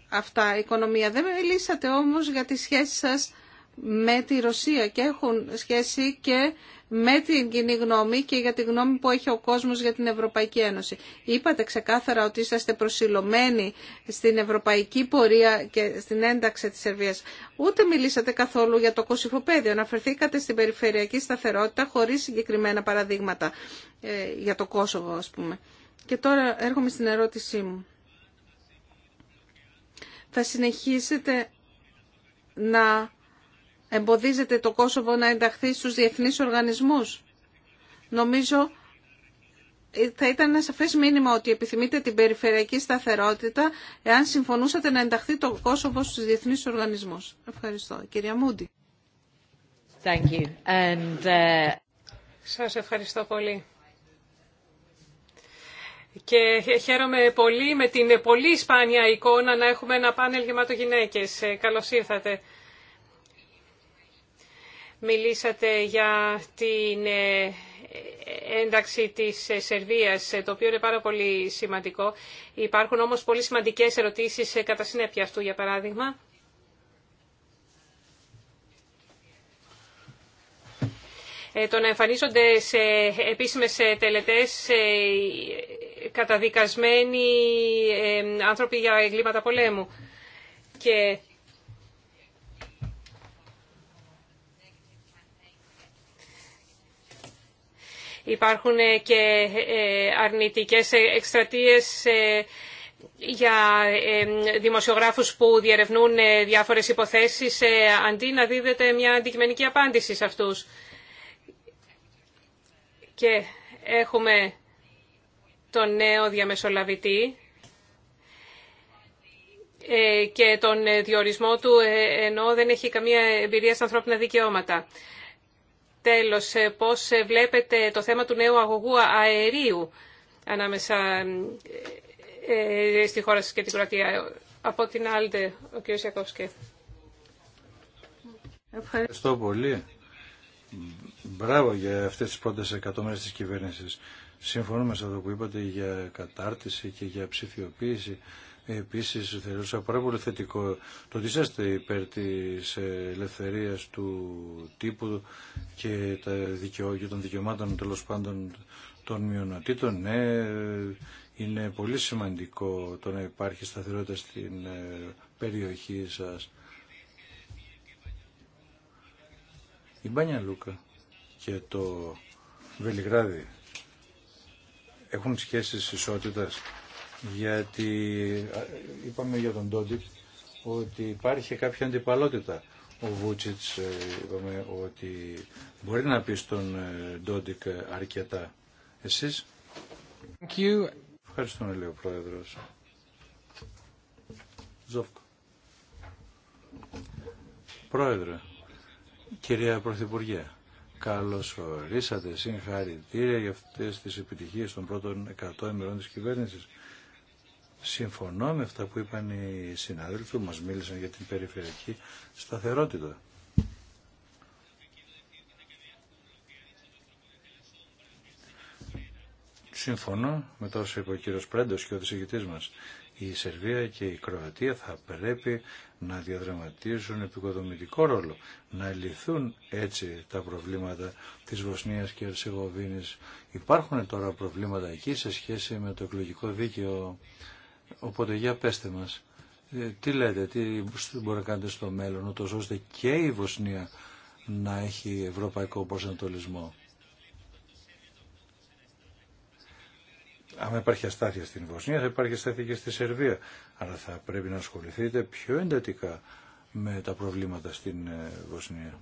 αυτά η οικονομία. Δεν μιλήσατε όμως για τις σχέσεις σας με τη Ρωσία και έχουν σχέση και με την κοινή γνώμη και για τη γνώμη που έχει ο κόσμος για την Ευρωπαϊκή Ένωση. Είπατε ξεκάθαρα ότι είσαστε προσιλωμένοι στην ευρωπαϊκή πορεία και στην ένταξη της Σερβίας. Ούτε μιλήσατε καθόλου για το κοσυφοπαίδιο. Αναφερθήκατε στην περιφερειακή σταθερότητα χωρίς συγκεκριμένα παραδείγματα ε, για το Κόσοβο, ας πούμε. Και τώρα έρχομαι στην ερώτησή μου. Θα συνεχίσετε να εμποδίζεται το Κόσοβο να ενταχθεί στους διεθνείς οργανισμούς. Νομίζω θα ήταν ένα σαφές μήνυμα ότι επιθυμείτε την περιφερειακή σταθερότητα εάν συμφωνούσατε να ενταχθεί το Κόσοβο στους διεθνείς οργανισμούς. Ευχαριστώ. Κυρία Μούντι. Thank you. And, uh, Σας ευχαριστώ πολύ. Και χαίρομαι πολύ με την πολύ σπάνια εικόνα να έχουμε ένα πάνελ γεμάτο γυναίκες. Ε, καλώς ήρθατε. Μιλήσατε για την ε, ένταξη της ε, Σερβίας, ε, το οποίο είναι πάρα πολύ σημαντικό. Υπάρχουν όμως πολύ σημαντικές ερωτήσεις κατά συνέπεια αυτού, για παράδειγμα. Το να εμφανίζονται σε επίσημες τελετές καταδικασμένοι άνθρωποι για εγκλήματα πολέμου. Και Υπάρχουν και ε, αρνητικές εκστρατείες ε, για ε, δημοσιογράφους που διερευνούν διάφορες υποθέσεις αντί να δίδεται μια αντικειμενική απάντηση σε αυτούς. Και έχουμε τον νέο διαμεσολαβητή και τον διορισμό του ενώ δεν έχει καμία εμπειρία στα ανθρώπινα δικαιώματα. Τέλος, ε, πώς ε, βλέπετε το θέμα του νέου αγωγού αερίου ανάμεσα ε, στη χώρα σας και την Κροατία. Από την άλλη, ο κ. Σιακόφσκι. Ευχαριστώ πολύ. Μπράβο για αυτές τις πρώτες εκατομμύρες της κυβέρνησης. Συμφωνούμε σε αυτό που είπατε για κατάρτιση και για ψηφιοποίηση Επίση, θεωρούσα πάρα πολύ θετικό το ότι είσαστε υπέρ τη ελευθερία του τύπου και, τα των δικαιωμάτων τέλο πάντων των μειονοτήτων. Ναι, είναι πολύ σημαντικό το να υπάρχει σταθερότητα στην ε, περιοχή σας. Η Μπάνια Λούκα και το Βελιγράδι έχουν σχέσεις ισότητας γιατί είπαμε για τον Ντόντιτ ότι υπάρχει κάποια αντιπαλότητα. Ο Βούτσιτς ε, είπαμε ότι μπορεί να πει στον ε, Ντόντικ ε, αρκετά. Εσείς. Thank you. Ευχαριστώ, λέει ο Πρόεδρος. Ζόφκο. Πρόεδρε, κυρία Πρωθυπουργέ, καλώς ορίσατε, συγχαρητήρια για αυτές τις επιτυχίες των πρώτων 100 ημερών της κυβέρνησης. Συμφωνώ με αυτά που είπαν οι συναδέλφοι που μας μίλησαν για την περιφερειακή σταθερότητα. Συμφωνώ με το όσο είπε ο κύριος Πρέντος και ο δισηγητής μας. Η Σερβία και η Κροατία θα πρέπει να διαδραματίζουν επικοδομητικό ρόλο, να λυθούν έτσι τα προβλήματα της Βοσνίας και Ερσεγοβίνης. Υπάρχουν τώρα προβλήματα εκεί σε σχέση με το εκλογικό δίκαιο Οπότε για πέστε μας, ε, τι λέτε, τι μπορεί να κάνετε στο μέλλον, ούτως ώστε και η Βοσνία να έχει ευρωπαϊκό προσανατολισμό. Αν υπάρχει αστάθεια στην Βοσνία, θα υπάρχει αστάθεια και στη Σερβία. Αλλά θα πρέπει να ασχοληθείτε πιο εντατικά με τα προβλήματα στην ε, Βοσνία.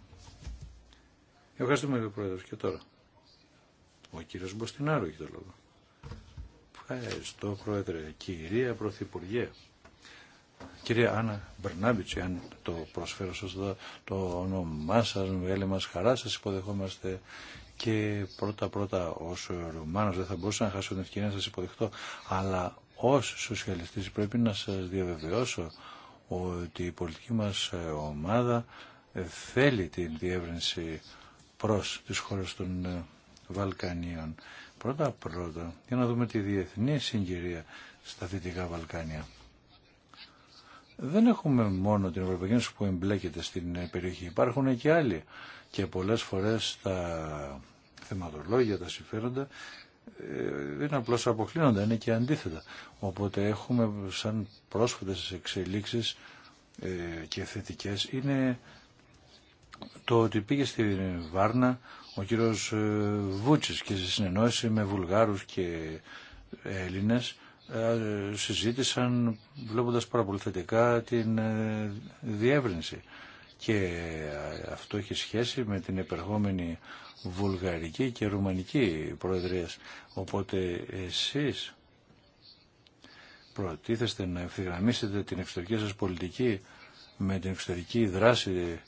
Ευχαριστούμε, κύριε Πρόεδρος, και τώρα. Ο κύριος Μποστινάρου έχει το λόγο. Ευχαριστώ Πρόεδρε. Κυρία Πρωθυπουργέ, κυρία Άννα Μπερνάμπιτση, αν το προσφέρω εδώ το όνομά σας, μεγάλη μας χαρά σας υποδεχόμαστε και πρώτα πρώτα ως Ρουμάνος δεν θα μπορούσα να χάσω την ευκαιρία να σας υποδεχτώ, αλλά ως σοσιαλιστής πρέπει να σας διαβεβαιώσω ότι η πολιτική μας ομάδα θέλει την διεύρυνση προς τις χώρες των Βαλκανίων. Πρώτα πρώτα, για να δούμε τη διεθνή συγκυρία στα Δυτικά Βαλκάνια. Δεν έχουμε μόνο την Ευρωπαϊκή Ένωση που εμπλέκεται στην ε, περιοχή. Υπάρχουν και άλλοι. Και πολλές φορές τα θεματολόγια, τα συμφέροντα ε, είναι απλώς αποκλίνοντα. είναι και αντίθετα. Οπότε έχουμε σαν πρόσφατες εξελίξεις ε, και θετικές είναι το ότι πήγε στη Βάρνα ο κύριος ε, Βούτσης και σε συνεννόηση με Βουλγάρους και Έλληνες ε, συζήτησαν βλέποντας πάρα πολύ την ε, διεύρυνση και αυτό έχει σχέση με την επερχόμενη βουλγαρική και ρουμανική προεδρίας. Οπότε εσείς προτίθεστε να ευθυγραμμίσετε την εξωτερική σας πολιτική με την εξωτερική δράση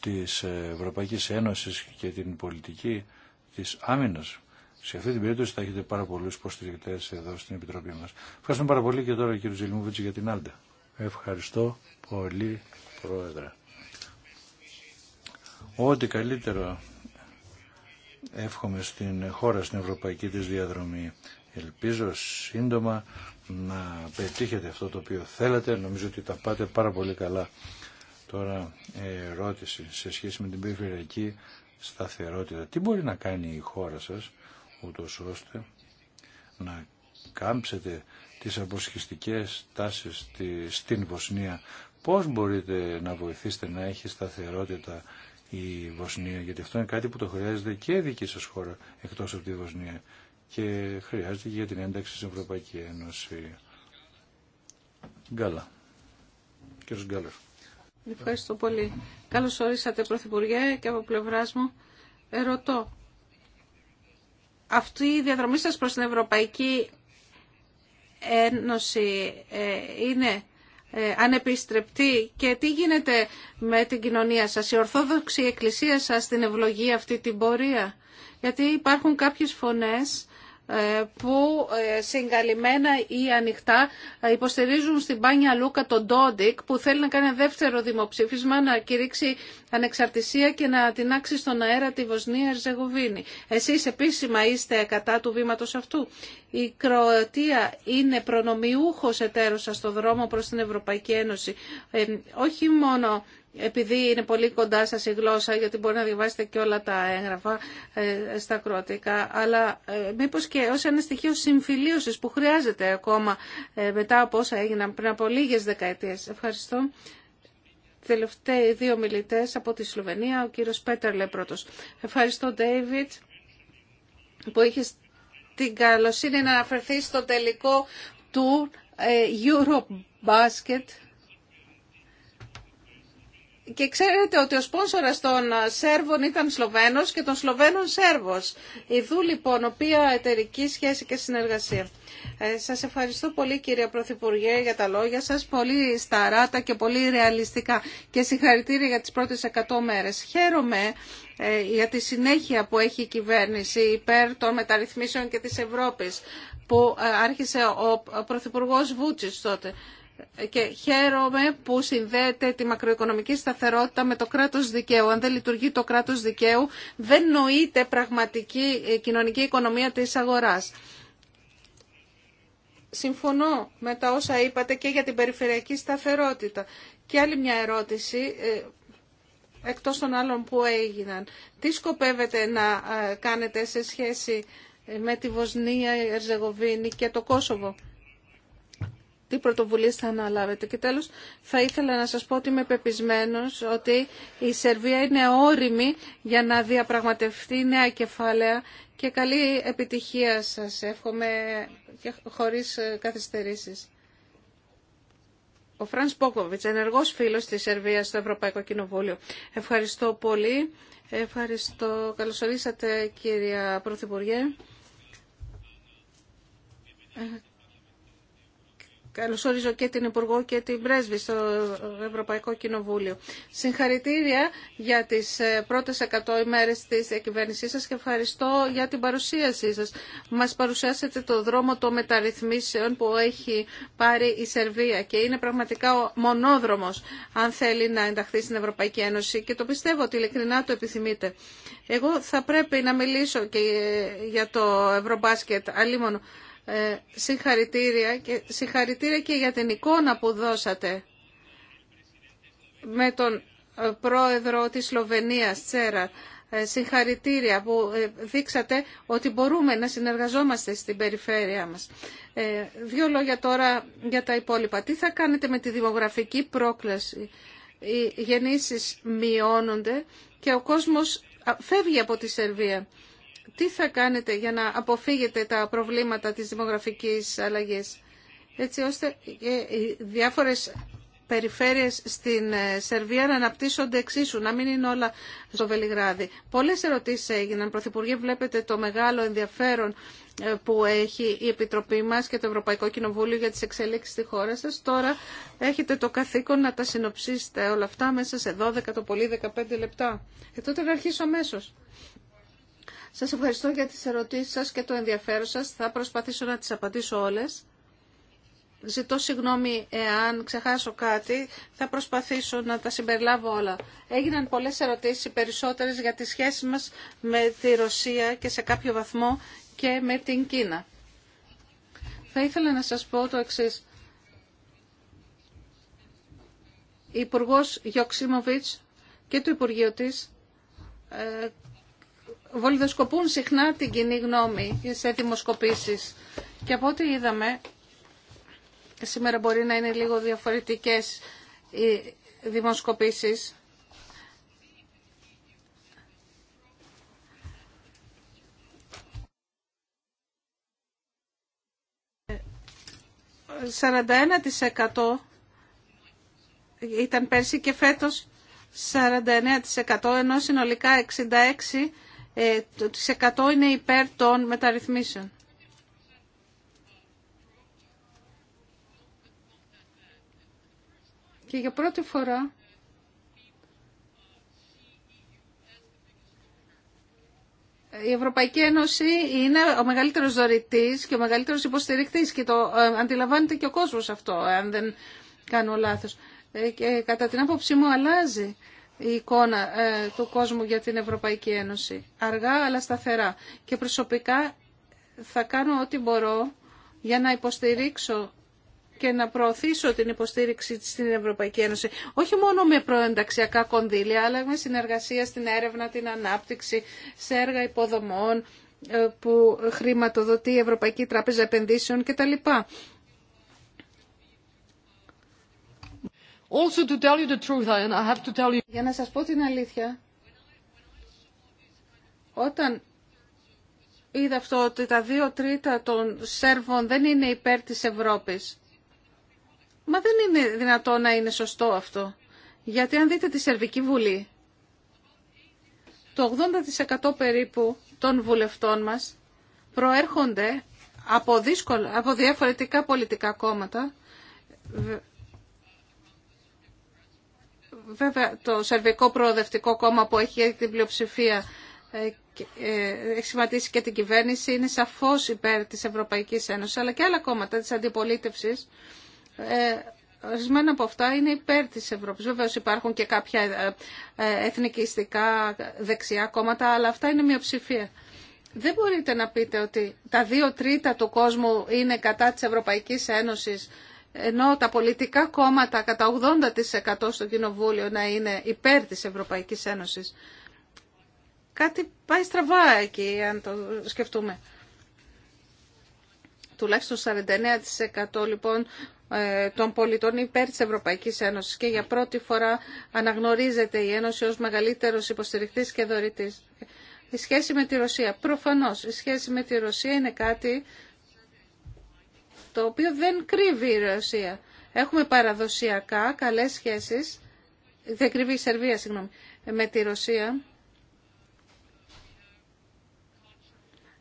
της Ευρωπαϊκής Ένωσης και την πολιτική της άμυνας. Σε αυτή την περίπτωση θα έχετε πάρα πολλούς υποστηρικτές εδώ στην Επιτροπή μας. Ευχαριστούμε πάρα πολύ και τώρα κύριο Ζηλμούβιτς για την Άλτα. Ευχαριστώ πολύ Πρόεδρε. Ό,τι καλύτερο εύχομαι στην χώρα, στην ευρωπαϊκή της διαδρομή. Ελπίζω σύντομα να πετύχετε αυτό το οποίο θέλετε. Νομίζω ότι τα πάτε πάρα πολύ καλά Τώρα ε, ερώτηση σε σχέση με την περιφερειακή σταθερότητα. Τι μπορεί να κάνει η χώρα σας ούτως ώστε να κάμψετε τις αποσχιστικές τάσεις στην Βοσνία. Πώς μπορείτε να βοηθήσετε να έχει σταθερότητα η Βοσνία, γιατί αυτό είναι κάτι που το χρειάζεται και η δική σας χώρα εκτός από τη Βοσνία και χρειάζεται και για την ένταξη στην Ευρωπαϊκή Ένωση. Γκάλα. Κύριος Γκάλερ. Ευχαριστώ πολύ. Καλώς ορίσατε Πρωθυπουργέ και από πλευρά μου. Ερωτώ. Αυτή η διαδρομή σας προς την Ευρωπαϊκή Ένωση ε, είναι ε, ανεπιστρεπτή και τι γίνεται με την κοινωνία σας. Η Ορθόδοξη Εκκλησία σας την ευλογεί αυτή την πορεία. Γιατί υπάρχουν κάποιες φωνές ε, που ε, συγκαλυμμένα ή ανοιχτά ε, υποστηρίζουν στην Πάνια Λούκα τον Ντόντικ που θέλει να κάνει ένα δεύτερο δημοψήφισμα να κηρύξει ανεξαρτησία και να άξει στον αέρα τη Βοσνία Ριζεγοβίνη. Εσείς επίσημα είστε κατά του βήματος αυτού. Η Κροατία είναι προνομιούχος εταίρος στο δρόμο προς την Ευρωπαϊκή Ένωση. όχι μόνο επειδή είναι πολύ κοντά σας η γλώσσα, γιατί μπορεί να διαβάσετε και όλα τα έγγραφα ε, στα κροατικά, αλλά ε, μήπως και ως ένα στοιχείο συμφιλίωσης που χρειάζεται ακόμα ε, μετά από όσα έγιναν πριν από λίγες δεκαετίες. Ευχαριστώ. Τελευταίοι δύο μιλητές από τη Σλοβενία, ο κύριος Πέτερλε πρώτος. Ευχαριστώ, Ντέιβιτ, που είχε την καλοσύνη να αναφερθεί στο τελικό του Eurobasket και ξέρετε ότι ο σπόνσορας των ε, Σέρβων ήταν Σλοβαίνος και των Σλοβαίνων Σέρβος. Ιδού λοιπόν, οποία εταιρική σχέση και συνεργασία. Ε, σας ευχαριστώ πολύ κυρία Πρωθυπουργέ για τα λόγια σας, πολύ σταράτα και πολύ ρεαλιστικά και συγχαρητήρια για τις πρώτες 100 μέρες. Χαίρομαι ε, για τη συνέχεια που έχει η κυβέρνηση υπέρ των μεταρρυθμίσεων και της Ευρώπης που ε, άρχισε ο Πρωθυπουργός Βούτσης τότε και χαίρομαι που συνδέεται τη μακροοικονομική σταθερότητα με το κράτος δικαίου. Αν δεν λειτουργεί το κράτος δικαίου, δεν νοείται πραγματική ε, κοινωνική οικονομία της αγοράς. Συμφωνώ με τα όσα είπατε και για την περιφερειακή σταθερότητα. Και άλλη μια ερώτηση, ε, εκτός των άλλων που έγιναν. Τι σκοπεύετε να ε, κάνετε σε σχέση με τη Βοσνία, η Ερζεγοβίνη και το Κόσοβο τι πρωτοβουλίες θα αναλάβετε. Και τέλος θα ήθελα να σας πω ότι είμαι πεπισμένος ότι η Σερβία είναι όρημη για να διαπραγματευτεί νέα κεφάλαια και καλή επιτυχία σας εύχομαι και χωρίς καθυστερήσεις. Ο Φρανς Πόκοβιτς, ενεργός φίλος της Σερβίας στο Ευρωπαϊκό Κοινοβούλιο. Ευχαριστώ πολύ. Ευχαριστώ. Καλώς κύρια Πρωθυπουργέ. Ε, Καλωσορίζω και την Υπουργό και την Πρέσβη στο Ευρωπαϊκό Κοινοβούλιο. Συγχαρητήρια για τις ε, πρώτες 100 ημέρες της κυβέρνησής σας και ευχαριστώ για την παρουσίασή σας. Μας παρουσιάσετε το δρόμο των μεταρρυθμίσεων που έχει πάρει η Σερβία και είναι πραγματικά ο μονόδρομος αν θέλει να ενταχθεί στην Ευρωπαϊκή Ένωση και το πιστεύω ότι ειλικρινά το επιθυμείτε. Εγώ θα πρέπει να μιλήσω και ε, για το Ευρωμπάσκετ, αλίμονο. Ε, συγχαρητήρια και συγχαρητήρια και για την εικόνα που δώσατε με τον ε, πρόεδρο της Σλοβενίας, Τσέρα. Ε, συγχαρητήρια που δείξατε ότι μπορούμε να συνεργαζόμαστε στην περιφέρεια μας. Δύο λόγια τώρα για τα υπόλοιπα. Τι θα κάνετε με τη δημογραφική πρόκληση. Οι γεννήσεις μειώνονται και ο κόσμος φεύγει από τη Σερβία. Τι θα κάνετε για να αποφύγετε τα προβλήματα της δημογραφικής αλλαγής, έτσι ώστε οι διάφορες περιφέρειες στην ε, Σερβία να αναπτύσσονται εξίσου, να μην είναι όλα στο Βελιγράδι. Πολλές ερωτήσεις έγιναν. Πρωθυπουργέ, βλέπετε το μεγάλο ενδιαφέρον ε, που έχει η Επιτροπή μας και το Ευρωπαϊκό Κοινοβούλιο για τις εξελίξεις στη χώρα σας. Τώρα έχετε το καθήκον να τα συνοψίσετε όλα αυτά μέσα σε 12 το πολύ 15 λεπτά. Και ε, τότε να αρχίσω αμέσω. Σας ευχαριστώ για τις ερωτήσεις σας και το ενδιαφέρον σας. Θα προσπαθήσω να τις απαντήσω όλες. Ζητώ συγγνώμη εάν ξεχάσω κάτι. Θα προσπαθήσω να τα συμπεριλάβω όλα. Έγιναν πολλές ερωτήσεις, οι περισσότερες για τη σχέση μας με τη Ρωσία και σε κάποιο βαθμό και με την Κίνα. Θα ήθελα να σας πω το εξής. υπουργό Υπουργός Γιωξίμοβιτς και το Υπουργείο της ε, βολιδοσκοπούν συχνά την κοινή γνώμη σε δημοσκοπήσεις. Και από ό,τι είδαμε, σήμερα μπορεί να είναι λίγο διαφορετικές οι δημοσκοπήσεις, «41% ήταν πέρσι και φέτος 49% ενώ συνολικά 66% ε, το 100 είναι υπέρ των μεταρρυθμίσεων. Και για πρώτη φορά η Ευρωπαϊκή Ένωση είναι ο μεγαλύτερος δωρητής και ο μεγαλύτερος υποστηρικτής και το ε, αντιλαμβάνεται και ο κόσμος αυτό, αν δεν κάνω λάθος. Ε, και κατά την άποψή μου αλλάζει η εικόνα ε, του κόσμου για την Ευρωπαϊκή Ένωση. Αργά αλλά σταθερά. Και προσωπικά θα κάνω ό,τι μπορώ για να υποστηρίξω και να προωθήσω την υποστήριξη στην Ευρωπαϊκή Ένωση. Όχι μόνο με προενταξιακά κονδύλια, αλλά με συνεργασία στην έρευνα, την ανάπτυξη, σε έργα υποδομών ε, που χρηματοδοτεί η Ευρωπαϊκή Τράπεζα Επενδύσεων κτλ. Also tell you Για να σας πω την αλήθεια, όταν είδα αυτό ότι τα δύο τρίτα των Σέρβων δεν είναι υπέρ της Ευρώπης, μα δεν είναι δυνατό να είναι σωστό αυτό. Γιατί αν δείτε τη Σερβική Βουλή, το 80% περίπου των βουλευτών μας προέρχονται από, δύσκολα, από διαφορετικά πολιτικά κόμματα Βέβαια, το Σερβικό Προοδευτικό Κόμμα που έχει την πλειοψηφία ε, ε, έχει σχηματίσει και την κυβέρνηση, είναι σαφώς υπέρ της Ευρωπαϊκής Ένωσης, αλλά και άλλα κόμματα της αντιπολίτευσης. Ε, ορισμένα από αυτά είναι υπέρ της Ευρώπης. Βέβαια, υπάρχουν και κάποια εθνικιστικά δεξιά κόμματα, αλλά αυτά είναι μειοψηφία. Δεν μπορείτε να πείτε ότι τα δύο τρίτα του κόσμου είναι κατά της Ευρωπαϊκής Ένωσης ενώ τα πολιτικά κόμματα κατά 80% στο Κοινοβούλιο να είναι υπέρ της Ευρωπαϊκής Ένωσης. Κάτι πάει στραβά εκεί, αν το σκεφτούμε. Τουλάχιστον 49% λοιπόν ε, των πολιτών υπέρ της Ευρωπαϊκής Ένωσης και για πρώτη φορά αναγνωρίζεται η Ένωση ως μεγαλύτερος υποστηριχτής και δωρητής. Η σχέση με τη Ρωσία. Προφανώς η σχέση με τη Ρωσία είναι κάτι το οποίο δεν κρύβει η Ρωσία. Έχουμε παραδοσιακά καλές σχέσεις, δεν κρύβει η Σερβία, συγγνώμη, με τη Ρωσία.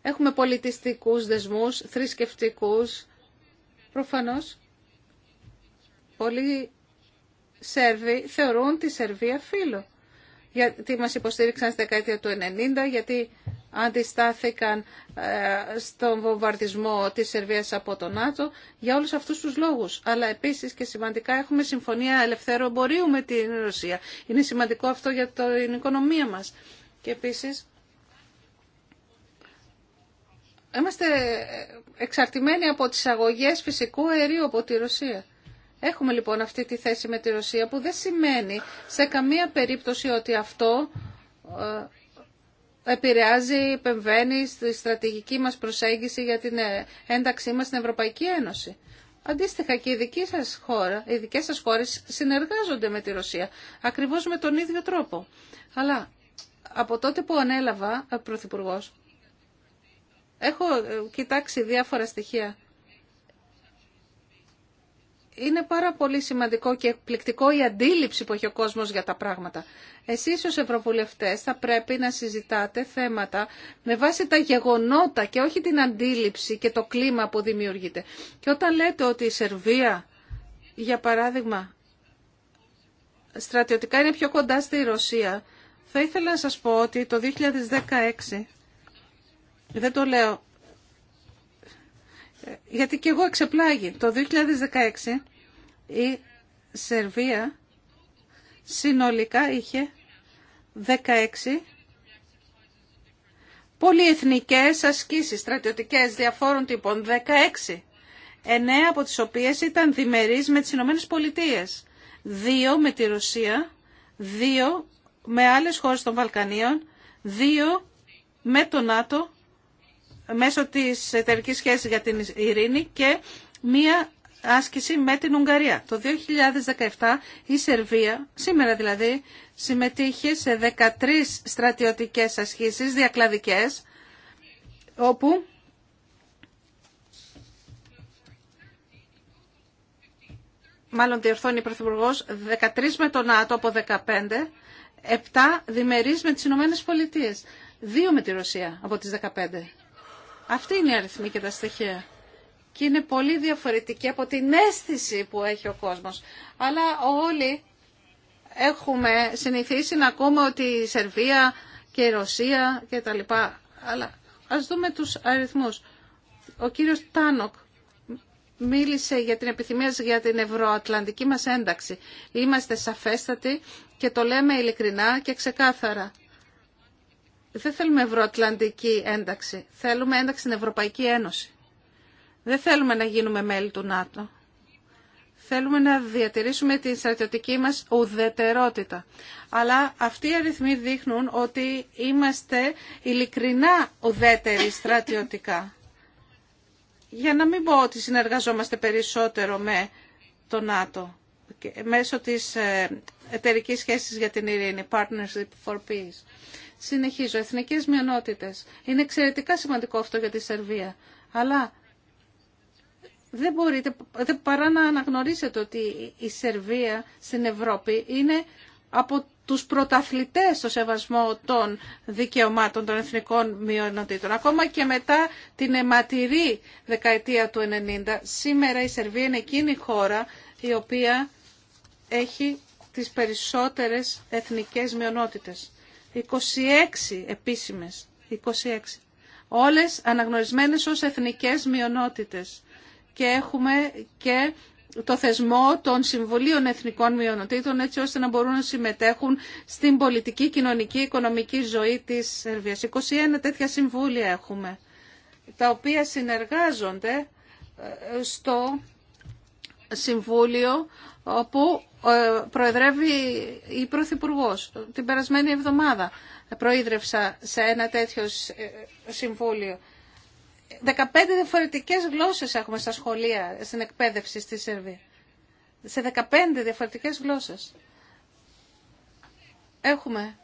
Έχουμε πολιτιστικούς δεσμούς, θρησκευτικούς, προφανώς. Πολλοί Σέρβοι θεωρούν τη Σερβία φίλο. Γιατί μας υποστήριξαν στη δεκαετία του 90, γιατί αντιστάθηκαν ε, στον βομβαρδισμό της Σερβίας από τον ΝΑΤΟ για όλους αυτούς τους λόγους. Αλλά επίσης και σημαντικά έχουμε συμφωνία ελευθέρου εμπορίου με την Ρωσία. Είναι σημαντικό αυτό για την οικονομία μας. Και επίσης είμαστε εξαρτημένοι από τις αγωγές φυσικού αερίου από τη Ρωσία. Έχουμε λοιπόν αυτή τη θέση με τη Ρωσία που δεν σημαίνει σε καμία περίπτωση ότι αυτό ε, επηρεάζει, επεμβαίνει στη στρατηγική μας προσέγγιση για την ε, ένταξή μας στην Ευρωπαϊκή Ένωση. Αντίστοιχα και η δική σας χώρα, οι δικές σας χώρες συνεργάζονται με τη Ρωσία, ακριβώς με τον ίδιο τρόπο. Αλλά από τότε που ανέλαβα, ε, πρωθυπουργός, έχω ε, κοιτάξει διάφορα στοιχεία είναι πάρα πολύ σημαντικό και εκπληκτικό η αντίληψη που έχει ο κόσμος για τα πράγματα. Εσείς ως Ευρωβουλευτές θα πρέπει να συζητάτε θέματα με βάση τα γεγονότα και όχι την αντίληψη και το κλίμα που δημιουργείται. Και όταν λέτε ότι η Σερβία, για παράδειγμα, στρατιωτικά είναι πιο κοντά στη Ρωσία, θα ήθελα να σας πω ότι το 2016, δεν το λέω γιατί και εγώ εξεπλάγει. Το 2016 η Σερβία συνολικά είχε 16 πολυεθνικές ασκήσεις στρατιωτικές διαφόρων τύπων, 16. 9 από τις οποίες ήταν διμερείς με τις Ηνωμένες Πολιτείες, 2 με τη Ρωσία, 2 με άλλες χώρες των Βαλκανίων, 2 με το ΝΑΤΟ μέσω της εταιρική σχέση για την ειρήνη και μία άσκηση με την Ουγγαρία. Το 2017 η Σερβία, σήμερα δηλαδή, συμμετείχε σε 13 στρατιωτικές ασκήσεις διακλαδικές, όπου μάλλον διορθώνει η Πρωθυπουργό, 13 με τον ΝΑΤΟ από 15, 7 διμερείς με τις Ηνωμένε Πολιτείε, 2 με τη Ρωσία από τις 15. Αυτή είναι η αριθμή και τα στοιχεία. Και είναι πολύ διαφορετική από την αίσθηση που έχει ο κόσμος. Αλλά όλοι έχουμε συνηθίσει να ακούμε ότι η Σερβία και η Ρωσία και τα λοιπά. Αλλά ας δούμε τους αριθμούς. Ο κύριος Τάνοκ μίλησε για την επιθυμία για την ευρωατλαντική μας ένταξη. Είμαστε σαφέστατοι και το λέμε ειλικρινά και ξεκάθαρα. Δεν θέλουμε ευρωατλαντική ένταξη. Θέλουμε ένταξη στην Ευρωπαϊκή Ένωση. Δεν θέλουμε να γίνουμε μέλη του ΝΑΤΟ. Θέλουμε να διατηρήσουμε τη στρατιωτική μας ουδετερότητα. Αλλά αυτοί οι αριθμοί δείχνουν ότι είμαστε ειλικρινά ουδέτεροι στρατιωτικά. Για να μην πω ότι συνεργαζόμαστε περισσότερο με το ΝΑΤΟ μέσω της ε, εταιρικής σχέσης για την ειρήνη, Partnership for Peace. Συνεχίζω. Εθνικές μειονότητες. Είναι εξαιρετικά σημαντικό αυτό για τη Σερβία. Αλλά δεν μπορείτε παρά να αναγνωρίσετε ότι η Σερβία στην Ευρώπη είναι από τους πρωταθλητές στο σεβασμό των δικαιωμάτων των εθνικών μειονοτήτων. Ακόμα και μετά την αιματηρή δεκαετία του 90, σήμερα η Σερβία είναι εκείνη η χώρα η οποία έχει τις περισσότερες εθνικές μειονότητες. 26 επίσημες, 26. Όλες αναγνωρισμένες ως εθνικές μειονότητες. Και έχουμε και το θεσμό των Συμβουλίων Εθνικών Μειονοτήτων έτσι ώστε να μπορούν να συμμετέχουν στην πολιτική, κοινωνική, οικονομική ζωή της Σερβίας. 21 τέτοια συμβούλια έχουμε, τα οποία συνεργάζονται ε, στο Συμβούλιο όπου προεδρεύει η Πρωθυπουργό την περασμένη εβδομάδα. Προείδρευσα σε ένα τέτοιο ε, συμβούλιο. 15 διαφορετικές γλώσσες έχουμε στα σχολεία, στην εκπαίδευση στη Σερβία. Σε 15 διαφορετικές γλώσσες. Έχουμε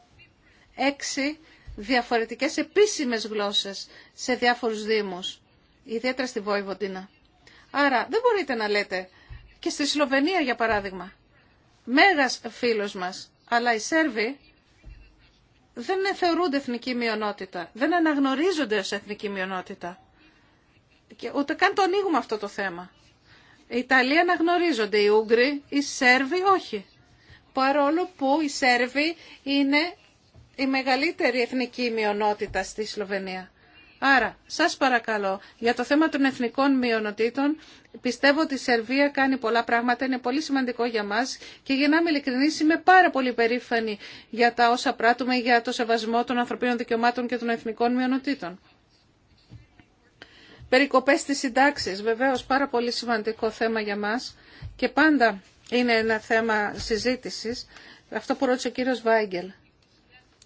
6 διαφορετικές επίσημες γλώσσες σε διάφορους δήμους, ιδιαίτερα στη Βόηβοντίνα. Άρα δεν μπορείτε να λέτε και στη Σλοβενία για παράδειγμα μέγας φίλος μας, αλλά οι Σέρβοι δεν θεωρούνται εθνική μειονότητα, δεν αναγνωρίζονται ως εθνική μειονότητα. Και ούτε καν το ανοίγουμε αυτό το θέμα. Οι Ιταλοί αναγνωρίζονται, οι Ούγγροι, οι Σέρβοι όχι. Παρόλο που οι Σέρβοι είναι η μεγαλύτερη εθνική μειονότητα στη Σλοβενία. Άρα, σας παρακαλώ, για το θέμα των εθνικών μειονοτήτων, πιστεύω ότι η Σερβία κάνει πολλά πράγματα, είναι πολύ σημαντικό για μας και για να είμαι ειλικρινής είμαι πάρα πολύ περήφανη για τα όσα πράττουμε για το σεβασμό των ανθρωπίνων δικαιωμάτων και των εθνικών μειονοτήτων. Περικοπές στις συντάξεις, βεβαίως πάρα πολύ σημαντικό θέμα για μας και πάντα είναι ένα θέμα συζήτησης. Αυτό που ρώτησε ο κύριος Βάγκελ.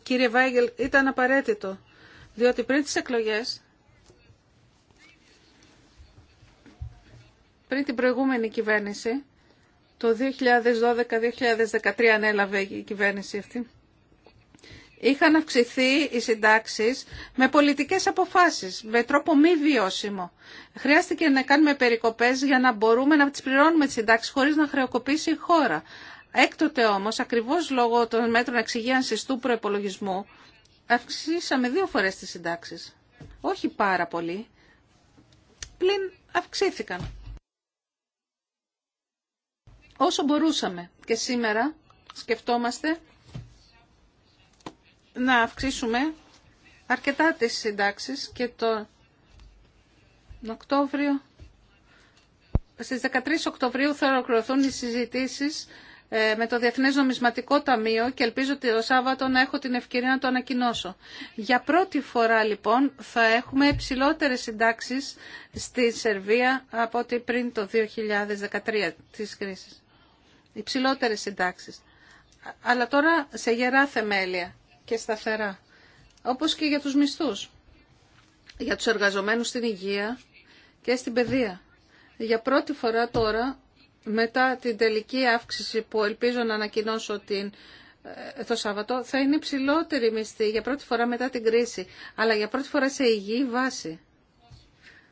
Κύριε Βάγγελ, ήταν απαραίτητο διότι πριν τις εκλογές, πριν την προηγούμενη κυβέρνηση, το 2012-2013 ανέλαβε η κυβέρνηση αυτή, είχαν αυξηθεί οι συντάξεις με πολιτικές αποφάσεις, με τρόπο μη βιώσιμο. Χρειάστηκε να κάνουμε περικοπές για να μπορούμε να τις πληρώνουμε τις συντάξεις χωρίς να χρεοκοπήσει η χώρα. Έκτοτε όμως, ακριβώς λόγω των μέτρων εξυγίανσης του προϋπολογισμού, αυξήσαμε δύο φορές τις συντάξεις. Όχι πάρα πολύ, πλην αυξήθηκαν. Όσο μπορούσαμε και σήμερα σκεφτόμαστε να αυξήσουμε αρκετά τις συντάξεις και το Οκτώβριο, στις 13 Οκτωβρίου θα ολοκληρωθούν οι συζητήσεις ε, με το Διεθνές Νομισματικό Ταμείο και ελπίζω ότι το Σάββατο να έχω την ευκαιρία να το ανακοινώσω. Για πρώτη φορά λοιπόν θα έχουμε υψηλότερες συντάξεις στη Σερβία από ότι πριν το 2013 της κρίσης. Υψηλότερες συντάξεις. Αλλά τώρα σε γερά θεμέλια και σταθερά. Όπως και για τους μισθούς. Για τους εργαζομένους στην υγεία και στην παιδεία. Για πρώτη φορά τώρα μετά την τελική αύξηση που ελπίζω να ανακοινώσω την, ε, το Σάββατο, θα είναι ψηλότερη μισθή για πρώτη φορά μετά την κρίση, αλλά για πρώτη φορά σε υγιή βάση.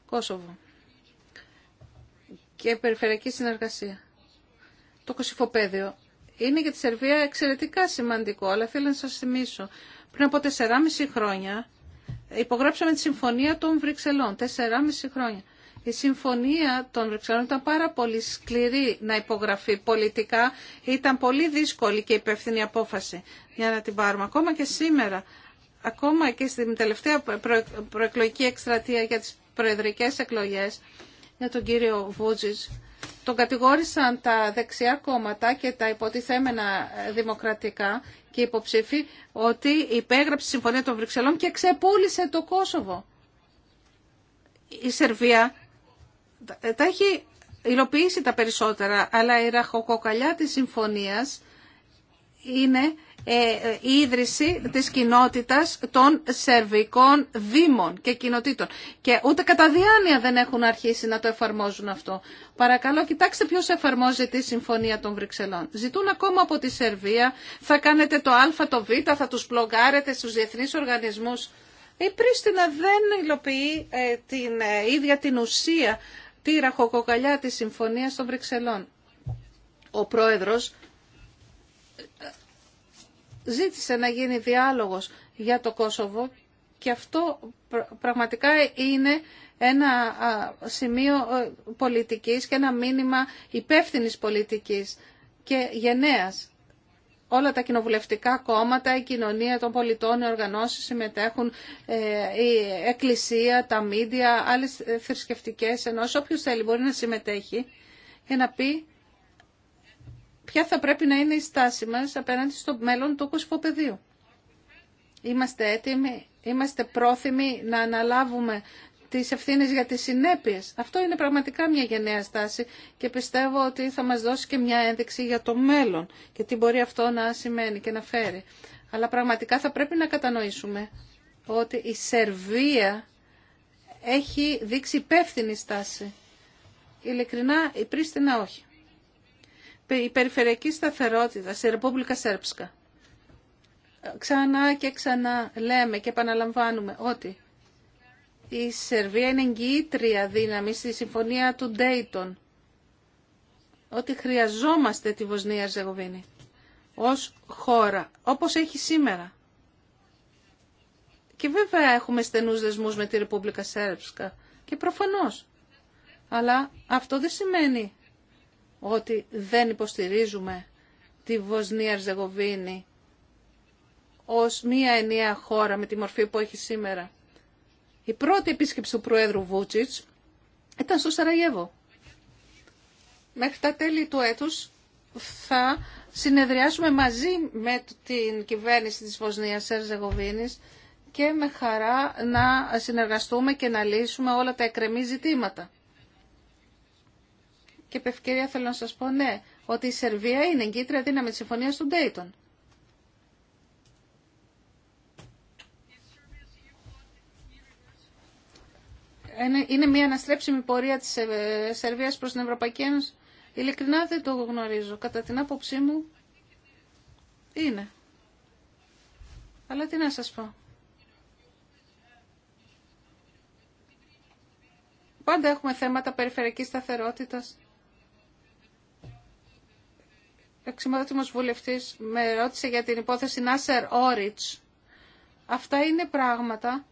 Κόσοβο. Και περιφερειακή συνεργασία. Το κοσυφοπαίδιο. Είναι για τη Σερβία εξαιρετικά σημαντικό, αλλά θέλω να σας θυμίσω. Πριν από 4,5 χρόνια υπογράψαμε τη Συμφωνία των Βρυξελών. 4,5 χρόνια. Η συμφωνία των Βρυξελών ήταν πάρα πολύ σκληρή να υπογραφεί πολιτικά. Ήταν πολύ δύσκολη και υπεύθυνη απόφαση για να την πάρουμε. Ακόμα και σήμερα, ακόμα και στην τελευταία προεκλογική εκστρατεία για τις προεδρικές εκλογές, για τον κύριο Βούτζης, τον κατηγόρησαν τα δεξιά κόμματα και τα υποτιθέμενα ε, δημοκρατικά και υποψήφοι ότι υπέγραψε τη Συμφωνία των Βρυξελών και ξεπούλησε το Κόσοβο. Η Σερβία ε, τα έχει υλοποιήσει τα περισσότερα, αλλά η ραχοκοκαλιά της συμφωνίας είναι ε, ε, η ίδρυση της κοινότητας των σερβικών δήμων και κοινοτήτων. Και ούτε κατά διάνοια δεν έχουν αρχίσει να το εφαρμόζουν αυτό. Παρακαλώ, κοιτάξτε ποιος εφαρμόζει τη Συμφωνία των Βρυξελών. Ζητούν ακόμα από τη Σερβία, θα κάνετε το α, το β, θα τους πλογκάρετε στους διεθνείς οργανισμούς. Η Πρίστινα δεν υλοποιεί την ίδια την ουσία τη ραχοκοκαλιά της Συμφωνίας των Βρυξελών. Ο πρόεδρος ζήτησε να γίνει διάλογος για το Κόσοβο και αυτό πραγματικά είναι ένα σημείο ε, πολιτικής και ένα μήνυμα υπεύθυνης πολιτικής και γενναίας όλα τα κοινοβουλευτικά κόμματα, η κοινωνία των πολιτών, οι οργανώσεις συμμετέχουν, ε, η εκκλησία, τα μίντια, άλλες ε, θρησκευτικές ενώσεις, όποιος θέλει μπορεί να συμμετέχει για να πει ποια θα πρέπει να είναι η στάση μας απέναντι στο μέλλον του πεδίου. Είμαστε έτοιμοι, είμαστε πρόθυμοι να αναλάβουμε τις ευθύνες για τις συνέπειες. Αυτό είναι πραγματικά μια γενναία στάση και πιστεύω ότι θα μας δώσει και μια ένδειξη για το μέλλον και τι μπορεί αυτό να σημαίνει και να φέρει. Αλλά πραγματικά θα πρέπει να κατανοήσουμε ότι η Σερβία έχει δείξει υπεύθυνη στάση. Ειλικρινά η Πρίστινα όχι. Η περιφερειακή σταθερότητα στη Ρεπούμπλικα Σέρψκα. Ξανά και ξανά λέμε και επαναλαμβάνουμε ότι η Σερβία είναι εγγυήτρια δύναμη στη συμφωνία του Ντέιτον. Ότι χρειαζόμαστε τη Βοσνία Ζεγοβίνη ως χώρα, όπως έχει σήμερα. Και βέβαια έχουμε στενούς δεσμούς με τη Ρεπούμπλικα Σέρβσκα και προφανώς. Αλλά αυτό δεν σημαίνει ότι δεν υποστηρίζουμε τη Βοσνία Ζεγοβίνη ως μία ενιαία χώρα με τη μορφή που έχει σήμερα. Η πρώτη επίσκεψη του Προέδρου Βούτσιτς ήταν στο Σαραγεύο. Μέχρι τα τέλη του έτους θα συνεδριάσουμε μαζί με την κυβέρνηση της Βοσνίας Σερζεγοβίνης, και με χαρά να συνεργαστούμε και να λύσουμε όλα τα εκρεμή ζητήματα. Και επ' ευκαιρία θέλω να σας πω ναι, ότι η Σερβία είναι εγκύτρια δύναμη της συμφωνίας του Ντέιτον. είναι μια αναστρέψιμη πορεία της ε, Σερβίας προς την Ευρωπαϊκή Ένωση. Ειλικρινά δεν το γνωρίζω. Κατά την άποψή μου είναι. Αλλά τι να σας πω. Πάντα έχουμε θέματα περιφερειακής σταθερότητας. Εξημότιμος βουλευτής με ρώτησε για την υπόθεση Νάσερ Όριτς. Αυτά είναι πράγματα